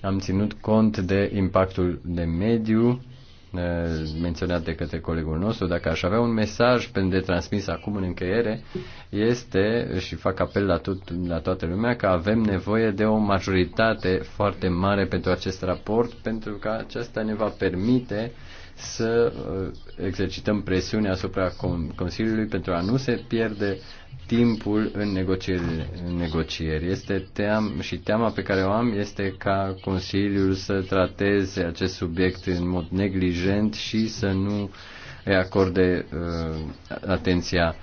Am ținut cont de impactul de mediu menționat de către colegul nostru, dacă aș avea un mesaj de transmis acum în încheiere, este, și fac apel la, tot, la toată lumea, că avem nevoie de o majoritate foarte mare pentru acest raport, pentru că aceasta ne va permite uh, să uh, exercităm presiune asupra Consiliului pentru a nu se pierde timpul în negocieri. În negocieri. Este team, și teama pe care o am este ca Consiliul să trateze acest subiect în mod neglijent și să nu îi acorde uh, atenția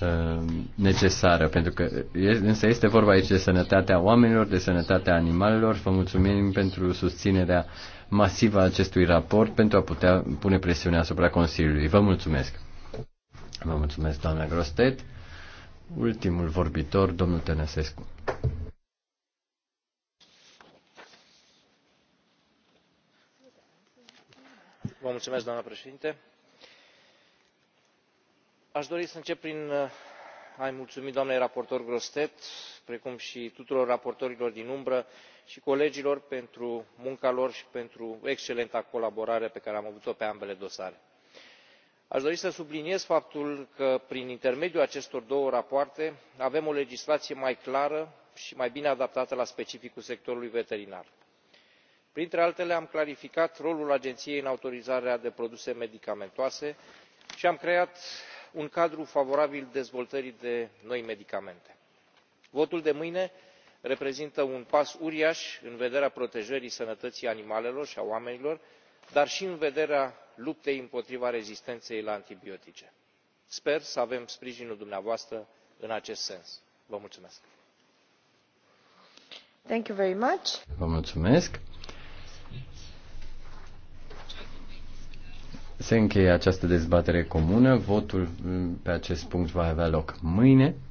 uh, necesară, pentru că însă este vorba aici de sănătatea oamenilor, de sănătatea animalelor. Vă mulțumim pentru susținerea uh, masivă a acestui raport pentru a putea pune presiune asupra Consiliului. Vă mulțumesc! Vă mulțumesc, doamna Grostet. Ultimul vorbitor, domnul Tănăsescu. Vă mulțumesc, doamna președinte. Aș dori să încep prin uh, a i mulțumi doamnei raportor Grostet, precum și tuturor raportorilor din umbră, și colegilor pentru munca lor și pentru excelenta colaborare pe care am avut o pe ambele dosare. aș dori să subliniez faptul că prin intermediul acestor două rapoarte avem o legislație mai clară și mai bine adaptată la specificul sectorului veterinar. printre altele am clarificat rolul agenției în autorizarea de produse medicamentoase și am creat un cadru favorabil dezvoltării de noi medicamente. votul de mâine reprezintă un pas uriaș în vederea protejării sănătății animalelor și a oamenilor dar și în vederea luptei împotriva rezistenței la antibiotice. sper să avem sprijinul dumneavoastră în acest sens. vă mulțumesc. Vă mulțumesc. Se încheie această dezbatere comună. Votul pe acest punct va avea loc mâine.